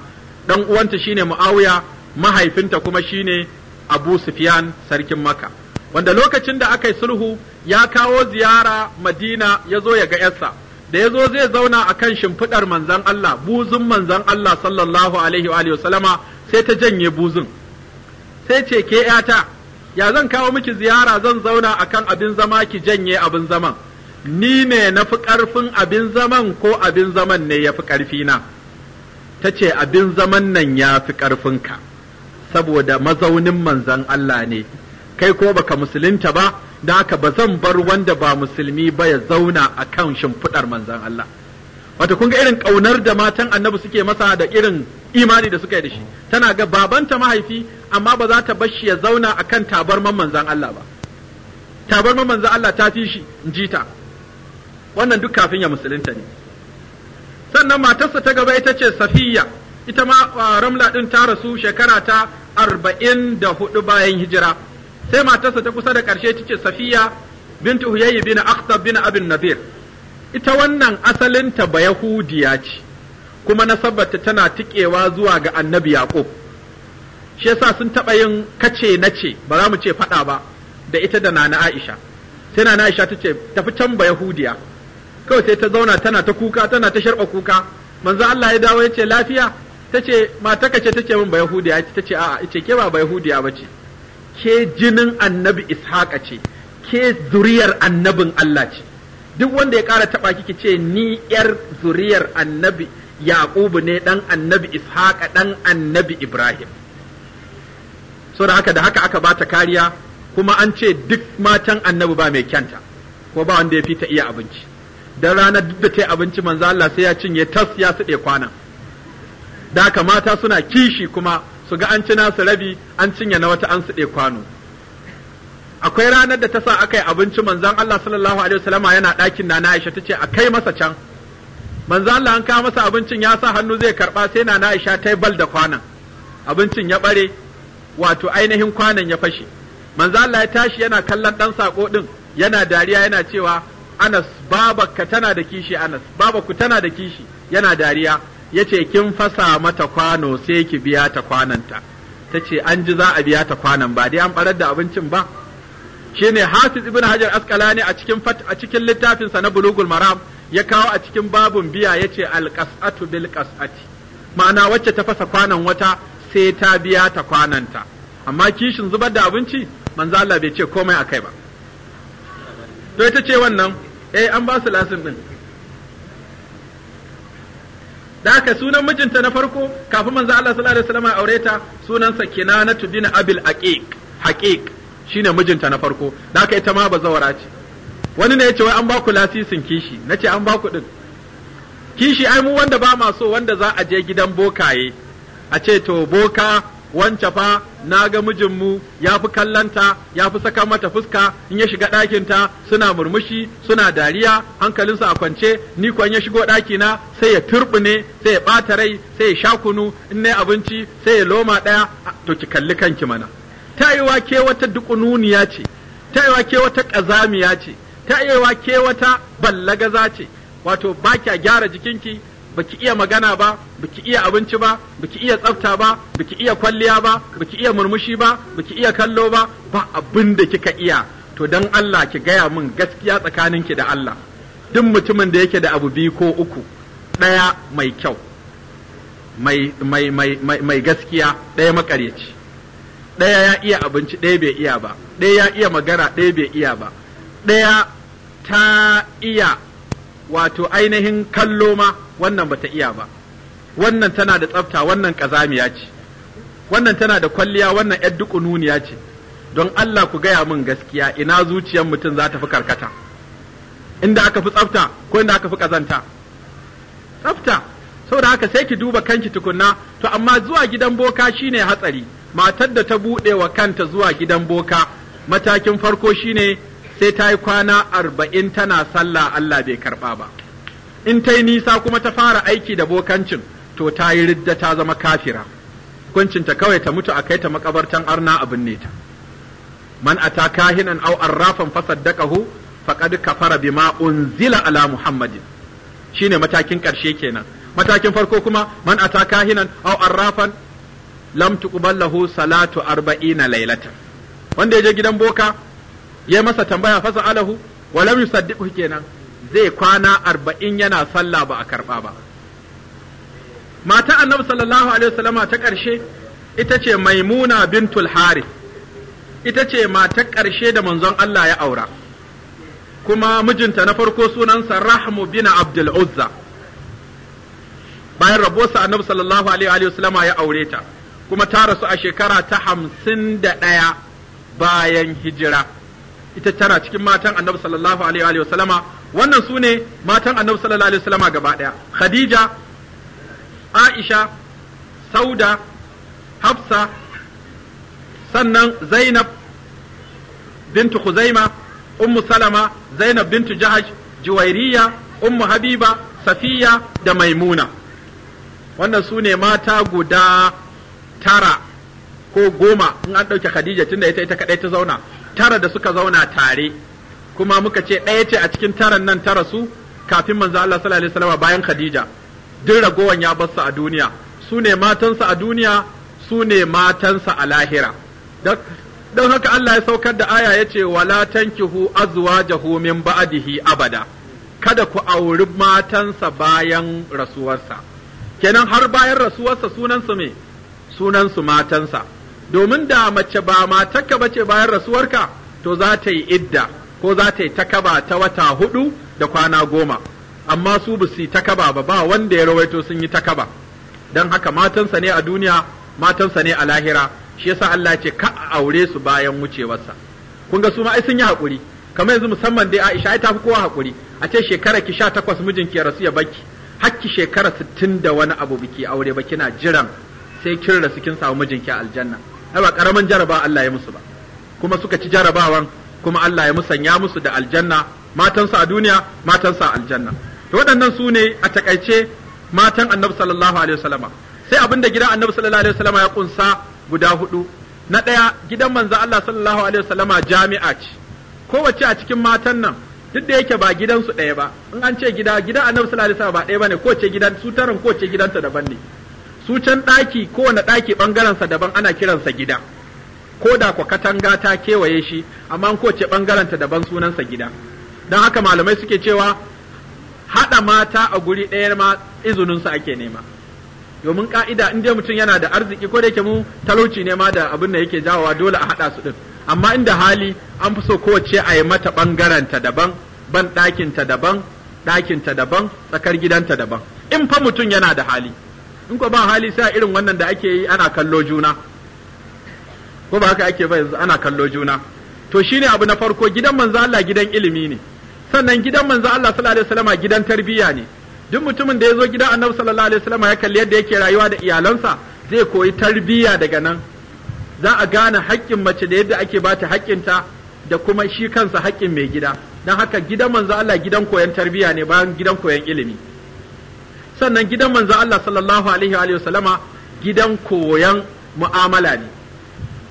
dan uwanta shine Muawiya mahaifinta kuma shine Abu Sufyan sarkin Makka wanda lokacin da aka yi sulhu ya kawo ziyara Madina ya zo ya ga yarsa da ya zo zai zauna a kan shimfiɗar manzan Allah buzun manzan Allah sallallahu alaihi wa sai ta janye buzun sai ce ke ‘yata, ya zan kawo miki ziyara zan zauna a kan abin zama ki janye abin zaman, ni ne na fi ƙarfin abin zaman ko abin zaman ne ya fi ƙarfina, ta ce abin zaman nan ya fi ƙarfinka. saboda mazaunin manzan Allah ne kai ko baka musulunta ba da haka ba zan bar wanda ba musulmi ba ya zauna a kan shimfiɗar manzan Allah Wata kunga irin ƙaunar da matan annabi suke masa da irin imani da suka yi da shi tana ga babanta mahaifi amma ba za ta bar shi ya zauna a kan tabarman manzan Allah ba tabarman manzan Allah ta fi shi in ji ta wannan duk kafin ya musulunta ne sannan matarsa ta gaba ita ce safiya ita ma ah, ramla ɗin ta rasu shekara ta arba'in da hudu bayan hijira sai matarsa ta kusa da ƙarshe ta ce safiya bintu huyayi bin akhtab bin abin nadir ita wannan asalinta ba yahudiya ce kuma nasabarta tana tikewa zuwa ga annabi yaqub shi yasa sun taɓa yin kace na ce ba za mu ce faɗa ba da ita da nana aisha sai nana aisha ta ce tafi can ba yahudiya kawai sai ta zauna tana ta kuka tana ta sharɓa kuka manzo Allah ya dawo ya ce lafiya ta ce mataka ce take min ba yahudiya ta ce a'a ce ke ba ba yahudiya ba ce ke jinin annabi ishaqa ce ke zuriyar annabin Allah ce duk wanda ya kara taɓa kike ce ni yar zuriyar annabi yaqubu ne dan annabi ishaqa dan annabi ibrahim saboda da haka da haka aka bata kariya kuma an ce duk matan annabi ba mai kyanta ko ba wanda ya fita iya abinci dan rana duk da tayi abinci manzo Allah sai ya cinye tas ya sude kwanan da haka mata suna kishi kuma su ga an ci nasu rabi an cinye na wata an suɗe kwano akwai ranar da ta sa aka yi abinci manzan Allah sallallahu alaihi wasallama yana ɗakin Nana Aisha ce a kai masa can manzan Allah an kawo masa abincin ya sa hannu zai karɓa sai Nana Aisha ta yi bal da kwanan abincin ya ɓare wato ainihin kwanan ya fashe manzan Allah ya tashi yana kallon ɗan saƙo ɗin yana dariya yana cewa Anas babakka tana da kishi Anas babakku tana da kishi yana dariya ya ce kin fasa mata kwano sai ki biya ta kwananta ta ce an ji za a biya ta kwanan ba dai an barar da abincin ba shi ne hafiz ibn hajar ne a cikin a cikin littafinsa na bulugul maram ya kawo a cikin babun biya ya ce alƙas'atu bil ƙas'ati ma'ana wacce ta fasa kwanan wata sai ta biya ta kwananta amma kishin zubar da abinci manzo Allah bai ce komai akai ba to ita ce wannan eh an ba su lasin din da haka sunan mijinta na farko kafin manzo Allah sallallahu alaihi wasallam aure ta sunansa Kinanatu bin Abil Aqiq Haqiq shine mijinta na farko da haka ita ma bazawara ce wani ne ya wai an baku lasisin kishi nace an ba ku din kishi ai mu wanda ba ma so wanda za a je gidan bokaye a ce to boka wance fa na ga mijinmu ya fi kallanta ya fi saka mata fuska in ya shiga ɗakinta suna murmushi suna dariya hankalinsu a kwance ni kuwa ya shigo ɗakina sai ya turɓune sai ya ɓata rai sai ya sha kunu in na abinci sai ya loma ɗaya to ki kalli kanki mana ta yi ke wata dukununiya ce ta yi ke wata ƙazamiya ce ta yi ke wata ballagaza ce wato ba kya gyara jikinki baki iya magana ba baki iya abinci ba baki iya tsafta ba baki iya kwalliya ba baki iya murmushi ba baki iya kallo ba ba abin da kika iya to dan Allah ki gaya min gaskiya tsakaninki da Allah duk mutumin da yake da abu biyu ko uku ɗaya mai kyau mai mai mai gaskiya ɗaya makareci ɗaya ya iya abinci ɗaya bai iya ba ɗaya ya iya magana ɗaya bai iya ba ɗaya ta iya wato ainihin kallo ma wannan bata iya ba wannan tana da tsafta wannan kazamiya ce wannan tana da kwalliya wannan yar dukununiya ce don Allah ku gaya min gaskiya ina zuciyar mutum za ta fi karkata inda aka fi tsafta ko inda aka fi ƙazanta tsafta saboda haka sai ki duba kanki tukunna to amma zuwa gidan boka shine hatsari matar da ta buɗe wa kanta zuwa gidan boka matakin farko shine sai ta yi kwana arba'in tana sallah Allah bai karɓa ba. In ta yi nisa kuma ta fara aiki da bokancin, to ta yi ridda ta zama kafira. Kuncinta kawai ta mutu a kai ta makabartan arna abin ne ta. Man a ata kahinan au arrafan ka fara kafara bima unzila ala Muhammadin. Shi ne matakin ƙarshe kenan. Matakin farko kuma man a ta kahinan au arrafan lam tuqbal lahu salatu arba'ina lailatan. Wanda ya je gidan boka ya masa tambaya fasa alahu wa lam kenan zai kwana arba'in yana sallah ba a karɓa ba mata annabi sallallahu alaihi wasallama ta ƙarshe ita ce maimuna bintul harith ita ce matar karshe da manzon Allah ya aura kuma mijinta na farko sunansa rahmu bin abdul uzza bayan rabuwarsa annabi sallallahu alaihi wasallama ya aure ta kuma ta rasu a shekara ta hamsin da ɗaya bayan hijira ita tana cikin matan annabi sallallahu alaihi wa sallama wannan su ne matan annabi sallallahu alaihi wa sallama gaba ɗaya khadija aisha sauda hafsa sannan zainab bintu khuzaima ummu salama zainab bintu jahaj juwairiya ummu habiba safiya da maimuna wannan su ne mata guda tara ko goma in an ɗauke khadija tunda ita ita kaɗai ta zauna tara da suka zauna tare kuma muka ce ɗaya ce a cikin taran nan tara su kafin manzo Allah sallallahu alaihi wasallam bayan Khadija duk ragowan ya bar a duniya su ne matansa a duniya su ne matansa a lahira don haka Allah ya saukar da aya yace wala tankihu azwajahu min ba'dihi abada kada ku auri matansa bayan rasuwarsa kenan har bayan rasuwarsa sunansu me sunansu matansa domin da mace ba matarka ce bayan rasuwarka to za ta yi idda ko za ta yi takaba ta wata hudu da kwana goma amma su ba su yi takaba ba ba wanda ya rawaito sun yi takaba don haka matansa ne a duniya matansa ne a lahira shi yasa Allah ce ka aure su bayan wucewarsa kun ga su ma ai sun yi hakuri. kamar yanzu musamman dai Aisha ai ta fi kowa hakuri. a ce shekara ki sha takwas mijinki rasu ya baki hakki shekara sittin da wani abu biki aure ba kina jiran sai kin rasu kin samu mijinki a aljanna ba karaman jaraba Allah ya musu ba kuma suka ci jarabawan kuma Allah ya musanya musu da aljanna matansa a duniya matansa a aljanna to waɗannan su ne a takaice matan annabi sallallahu alaihi wasallama sai abin da gidan annabi sallallahu alaihi wasallama ya kunsa guda hudu na ɗaya gidan manzo Allah sallallahu alaihi wasallama jami'a ce kowace a cikin matan nan duk da yake ba gidansu ɗaya ba in an ce gida gidan annabi sallallahu alaihi wasallama ba ɗaya bane ko ce gidan su tarin ko ce gidanta daban ne su can ɗaki kowane ɗaki ɓangarensa daban ana kiransa gida ko da kwa katanga ta kewaye shi amma ko ce ɓangarenta daban sunansa gida don haka malamai suke cewa haɗa mata a guri ɗaya ma izininsu ake nema domin ƙa'ida inda mutum yana da arziki ko da yake mu talauci ne ma da abin da yake jawowa dole a haɗa su ɗin amma inda hali an fi so kowace a yi mata ɓangarenta daban ban ɗakinta daban ɗakinta daban tsakar gidanta daban in fa mutum yana da hali in ko ba hali sai irin wannan da ake yi ana kallo juna ko ba haka ake ba yanzu ana kallo juna to shine abu na farko gidan manzo Allah gidan ilimi ne sannan gidan manzo Allah sallallahu alaihi wasallama gidan tarbiyya ne duk mutumin da ya zo gidan annabi sallallahu alaihi wasallama ya kalli yadda yake rayuwa da iyalansa zai koyi tarbiyya daga nan za a gane haƙƙin mace da yadda ake bata haƙƙinta da kuma shi kansa haƙƙin mai gida don haka gidan manzo Allah gidan koyon tarbiyya ne bayan gidan koyon ilimi sannan gidan manzon Allah sallallahu alaihi wa sallama gidan koyan mu'amala ne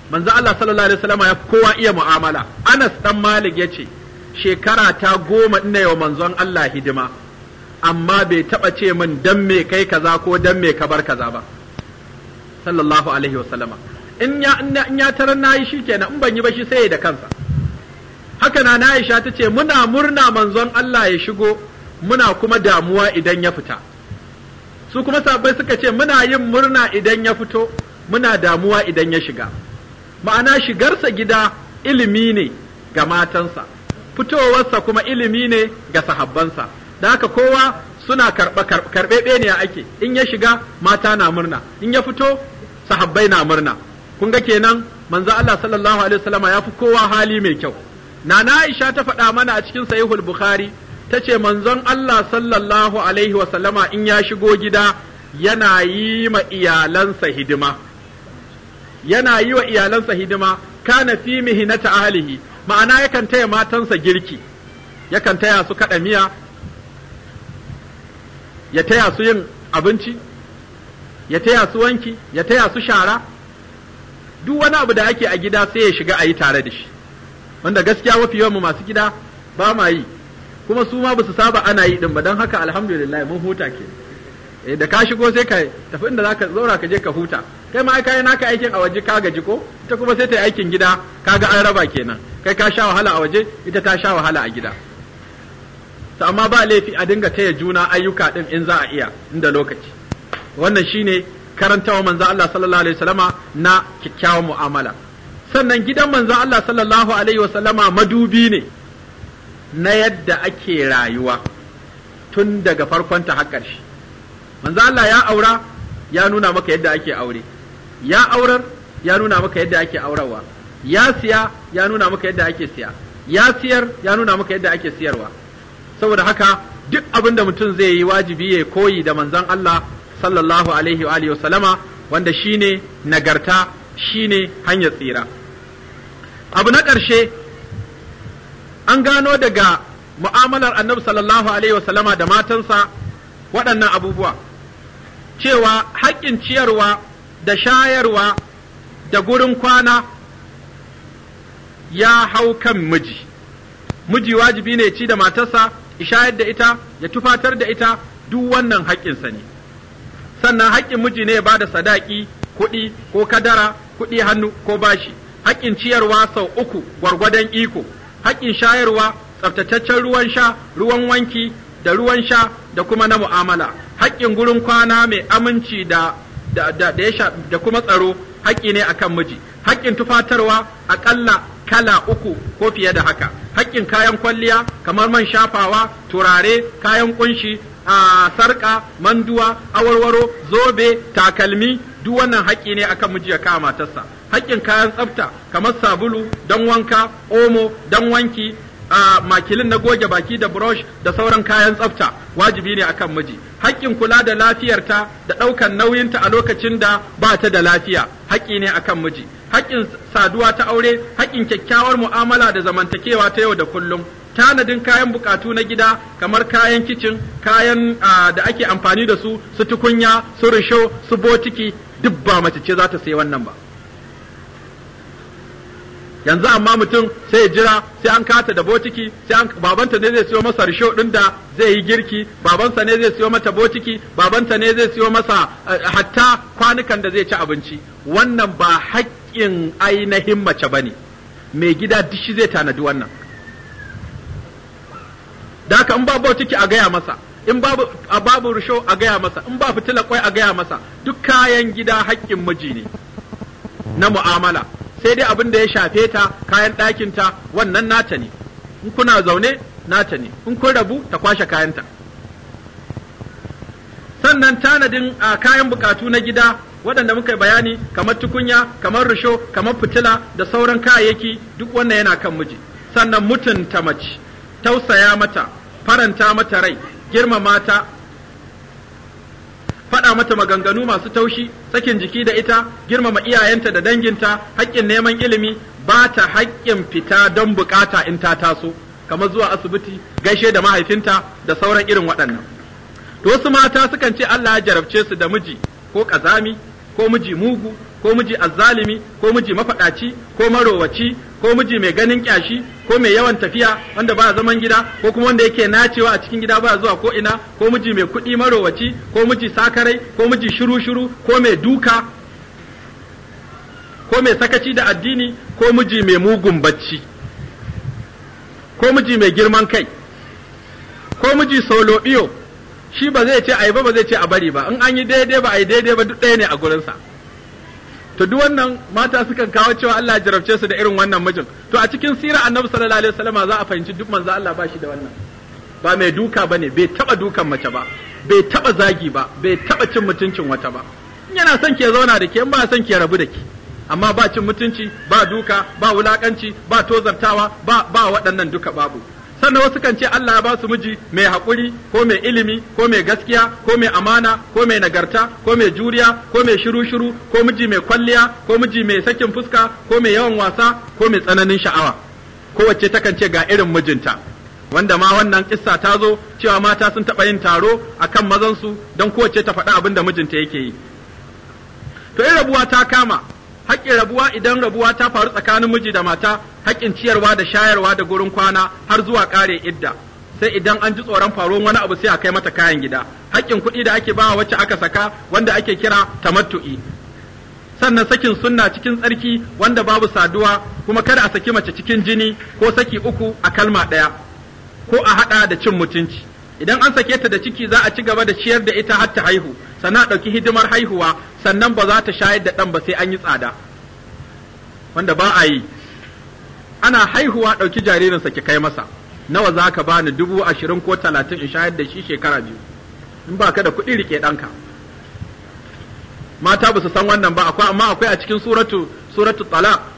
manzo Allah sallallahu alaihi wa sallama ya kowa iya mu'amala Anas ɗan Malik yace shekara ta goma ina yau manzon Allah hidima amma bai taba ce min dan me kai kaza ko dan me ka bar kaza ba sallallahu alaihi wa sallama in ya in ya taran nayi shikenan in ban yi ba shi sai da kansa haka na ta ce muna murna manzon Allah ya shigo muna kuma damuwa idan ya fita su kuma sahabbai suka ce muna yin murna idan ya fito muna damuwa idan ya shiga ma'ana shigarsa gida ilimi ne ga matansa fitowarsa kuma ilimi ne ga sahabbansa da haka kowa suna karɓe ne ake in ya shiga mata na murna in ya fito sahabbai na murna kun ga kenan manzo Allah sallallahu alaihi wasallama ya fi kowa hali mai kyau nana Aisha ta faɗa mana a cikin sahihul Bukhari ta ce manzon Allah sallallahu alaihi wasallama in ya shigo gida yana yi ma iyalansa hidima yana yi wa iyalansa hidima kana fi mihinata ahlihi ma'ana yakan taya matansa girki yakan taya su kaɗa miya ya taya su yin abinci ya taya su wanki ya taya su shara duk wani abu da ake a gida sai ya shiga a yi tare da shi wanda gaskiya mafi yawan masu gida ba ma yi kuma su ma basu saba ana yi din ba dan haka alhamdulillah mun huta ke eh, da ka shigo sai ka tafi inda zaka zaura ka je ka huta kai ma kai naka aikin a waje ka gaji ko ita kuma sai ta yi aikin gida kaga an raba kenan kai ka sha wahala a waje ita ta sha wahala a gida to amma ba laifi a dinga taya juna ayyuka din in za a iya inda lokaci wannan shine karantawa manzo Allah sallallahu alaihi wasallama na kikkiawar mu'amala sannan gidan manzo Allah sallallahu alaihi wasallama madubi ne na yadda ake rayuwa tun daga farkon ta har ƙarshe manzo Allah ya aura ya nuna maka yadda ake aure ya aurar ya nuna maka yadda ake aurarwa ya siya ya nuna maka yadda ake siya ya siyar ya nuna maka yadda ake siyarwa saboda haka duk abin da mutum zai yi wajibi ya koyi da manzon Allah sallallahu alaihi wa sallama wanda shine nagarta shine hanyar tsira abu na ƙarshe an gano daga mu'amalar annabi sallallahu alaihi wasallama da matansa waɗannan abubuwa cewa haƙƙin ciyarwa da shayarwa da gurin kwana ya hau kan miji miji wajibi ne ci da matarsa shayar da ita ya tufatar da ita duk wannan haƙƙinsa ne sannan haƙƙin miji ne ba da sadaki kuɗi ko kadara kuɗi hannu ko bashi haƙƙin ciyarwa sau uku gwargwadon iko haƙƙin shayarwa tsaftataccen ruwan sha ruwan wanki da ruwan sha da kuma na mu'amala haƙƙin gurin kwana mai aminci da da da da, sha, da kuma tsaro haƙƙi ne akan miji haƙƙin tufatarwa aƙalla kala uku ko fiye da haka haƙƙin kayan kwalliya kamar man shafawa turare kayan ƙunshi a sarƙa manduwa awarwaro zobe takalmi duk wannan haƙƙi ne akan miji ya kama matarsa haƙƙin kayan tsafta kamar sabulu don wanka omo don wanki a makilin na goge baki da brush da sauran kayan tsafta wajibi ne akan miji haƙƙin kula da lafiyarta da ɗaukan nauyinta a lokacin da ba ta da lafiya haƙƙi ne akan miji haƙƙin saduwa ta aure haƙƙin kyakkyawar mu'amala da zamantakewa ta yau da kullum tanadin kayan bukatu na gida kamar kayan kicin kayan da ake amfani da su su tukunya su risho su botiki duk ba mace ce za ta sayi wannan ba yanzu amma mutum sai jira sai an kata da botiki sai an babanta ne zai siyo masa risho din da zai yi girki babansa ne zai siyo mata botiki babanta ne zai siyo masa eh, hatta kwanukan da zai ci abinci wannan ba haƙƙin ainihin mace bane mai gida dishi zai tanadi wannan da haka in ba botiki a gaya masa in babu a babu risho a gaya masa in ba fitila kwai a gaya masa duk kayan gida haƙƙin miji ne na mu'amala sai dai abin da ya shafe ta kayan ɗakin wannan nata ne in kuna zaune nata ne in kun rabu ta kwashe kayanta sannan tanadin a kayan bukatu na gida waɗanda muka bayani kamar tukunya kamar rusho kamar fitila da sauran kayayyaki duk wannan yana kan miji sannan mutunta mace tausaya mata faranta mata rai girmama ta faɗa mata maganganu masu taushi sakin jiki da ita girmama iyayenta da danginta haƙƙin neman ilimi ba ta haƙƙin fita don buƙata in ta taso kamar zuwa asibiti gaishe da mahaifinta da sauran irin waɗannan to wasu mata sukan ce Allah ya jarabce su da miji ko ƙazami ko miji mugu ko miji azzalimi ko miji mafaɗaci ko marowaci ko miji mai ganin kyashi ko mai yawan tafiya wanda ba zaman gida ko kuma wanda yake nacewa a cikin gida ba zuwa ko ina ko miji mai kuɗi marowaci ko miji sakarai ko miji shiru shiru ko mai duka ko mai sakaci da addini ko miji mai mugun bacci ko miji mai girman kai ko miji solo shi ba zai ce a yi ba ba zai ce a bari ba in an yi daidai ba a yi daidai ba duk ɗaya ne a gurinsa to duk wannan mata sukan kawo cewa Allah jarabce su da irin wannan mijin to a cikin sirar annabi sallallahu alaihi wasallama za a fahimci duk manzo Allah ba shi da wannan ba mai duka bane bai taba dukan mace ba bai taba zagi ba bai taba cin mutuncin wata ba In yana son ke zauna da ke in ba son ke rabu da ke amma ba cin mutunci ba duka ba wulakanci ba tozartawa ba ba waɗannan duka babu sannan wasu kan ce Allah ya ba su miji mai haƙuri ko mai ilimi ko mai gaskiya ko mai amana ko mai nagarta ko mai juriya ko mai shiru-shiru ko miji mai kwalliya ko miji mai sakin fuska ko mai yawan wasa ko mai tsananin sha'awa kowace kan ce ga irin mijinta wanda ma wannan kissa ta zo cewa mata sun taɓa yin taro a kan mazansu don kowace ta faɗa abin da mijinta yake yi to in rabuwa ta kama haƙƙin rabuwa idan rabuwa ta faru tsakanin miji da mata haƙƙin ciyarwa da shayarwa da gurin kwana har zuwa ƙare idda sai idan an ji tsoron faruwar wani abu sai a kai mata kayan gida haƙƙin kuɗi da ake ba wacce aka saka wanda ake kira tamattu'i sannan sakin sunna cikin tsarki wanda babu saduwa kuma kada a saki mace cikin jini ko saki uku a kalma ɗaya ko a haɗa da cin mutunci idan an sake ta da ciki za a ci gaba da ciyar da ita har ta haihu sana ɗauki hidimar haihuwa sannan ba za ta shayar da ɗan ba sai an yi tsada wanda ba a yi ana haihuwa ɗauki jaririnsa ki kai masa nawa za ka bani dubu ashirin ko talatin in shayar da shi shekara biyu in ba ka da kuɗi rike ɗanka mata ba su san wannan ba akwai amma akwai a cikin suratu suratu talaq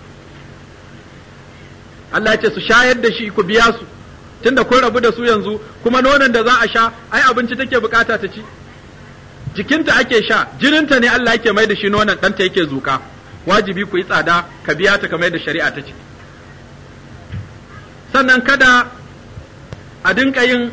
Allah ya ce su shayar da shi ku biya su tunda kun rabu da su yanzu kuma nonon da za a sha ai abinci take bukata ta ci jikinta ake sha jininta ne Allah yake mai da shi nonon ɗanta yake zuka wajibi ku yi tsada ka biya ta mai da shari'a ta ce sannan kada a dinka yin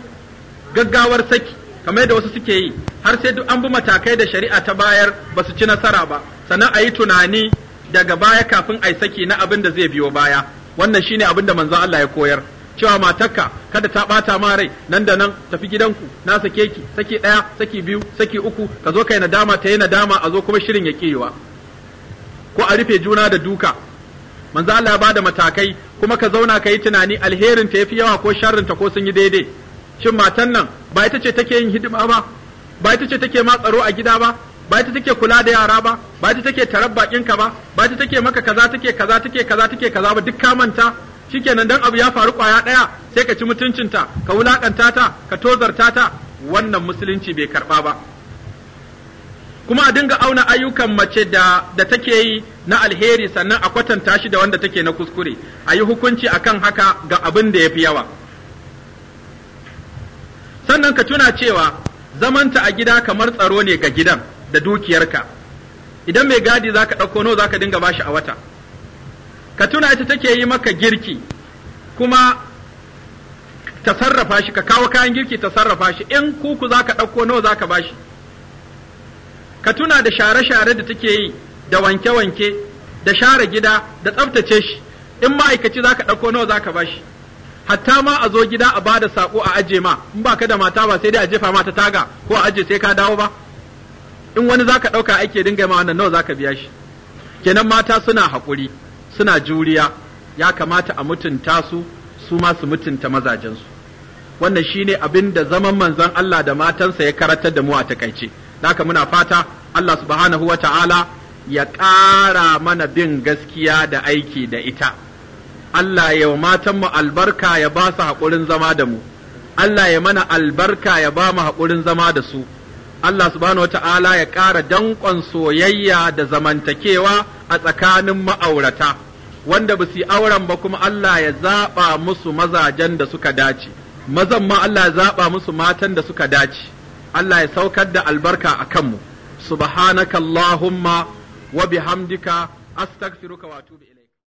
gaggawar saki kamar da wasu suke yi har sai duk an bi matakai da shari'a ta bayar ba su ci nasara ba sannan a yi tunani daga baya kafin a yi saki na abin da zai biyo baya wannan shine abin da manzon Allah ya koyar cewa matarka kada ta bata ma rai nan da nan tafi gidanku na sake ki saki daya saki biyu saki uku ka zo kai nadama ta yi nadama a zo kuma shirin ya kewa. ko a rufe juna da duka manzo Allah ba da matakai kuma ka zauna ka yi tunani alherin ta yafi yawa ko sharrin ta ko sun yi daidai shin matan nan ba ita ce take yin hidima ba ba ita ce take ma tsaro a gida ba ba ita take kula da yara ba ba ita take tarar bakin ka ba ba ita take maka kaza take kaza take kaza take kaza ba duk ka manta shikenan dan abu ya faru kwaya daya sai ka ci mutuncinta ka wulakanta ta ka tozarta ta wannan musulunci bai karba ba kuma a dinga auna ayyukan mace da da take yi na alheri sannan a kwatanta shi da wanda take na kuskure a yi hukunci akan haka ga abin da ya fi yawa sannan ka tuna cewa zamanta a gida kamar tsaro ne ga gidan da dukiyarka idan mai gadi zaka ka ɗauko nawa za dinga bashi a wata ka tuna ita take yi maka girki kuma ta sarrafa shi ka kawo kayan girki ta sarrafa shi in kuku za ka ɗauko nawa za ka ba shi? ka tuna da share-share da take yi da wanke-wanke da share gida da tsaftace shi in ma'aikaci za ka ɗauko nawa za ka bashi hatta ma a zo gida a bada saƙo a aje ma in ba ka da mata ba sai dai a jefa mata taga ko a aje sai ka dawo ba in wani za ka ɗauka ake dinga ma wannan nawa za ka biya shi kenan mata suna haƙuri suna juriya ya kamata a mutunta su su ma su mutunta mazajensu wannan shine abin da zaman manzon Allah da matansa ya karatar da mu a takaice haka muna fata Allah subhanahu wa ta'ala ya ƙara mana bin gaskiya da aiki da ita Allah ya wa matanmu albarka ya ba su haƙurin zama da mu Allah ya mana albarka ya ba mu haƙurin zama da su Allah subhanahu wata'ala ya ƙara danƙon soyayya da zamantakewa a tsakanin ma'aurata wanda ba su yi auren ba kuma Allah ya zaɓa musu mazajen da suka dace mazan ma Allah ya zaɓa musu matan da suka dace Allah ya saukar da albarka a kanmu subhanakallahumma wa bihamdika astaghfiruka wa atubu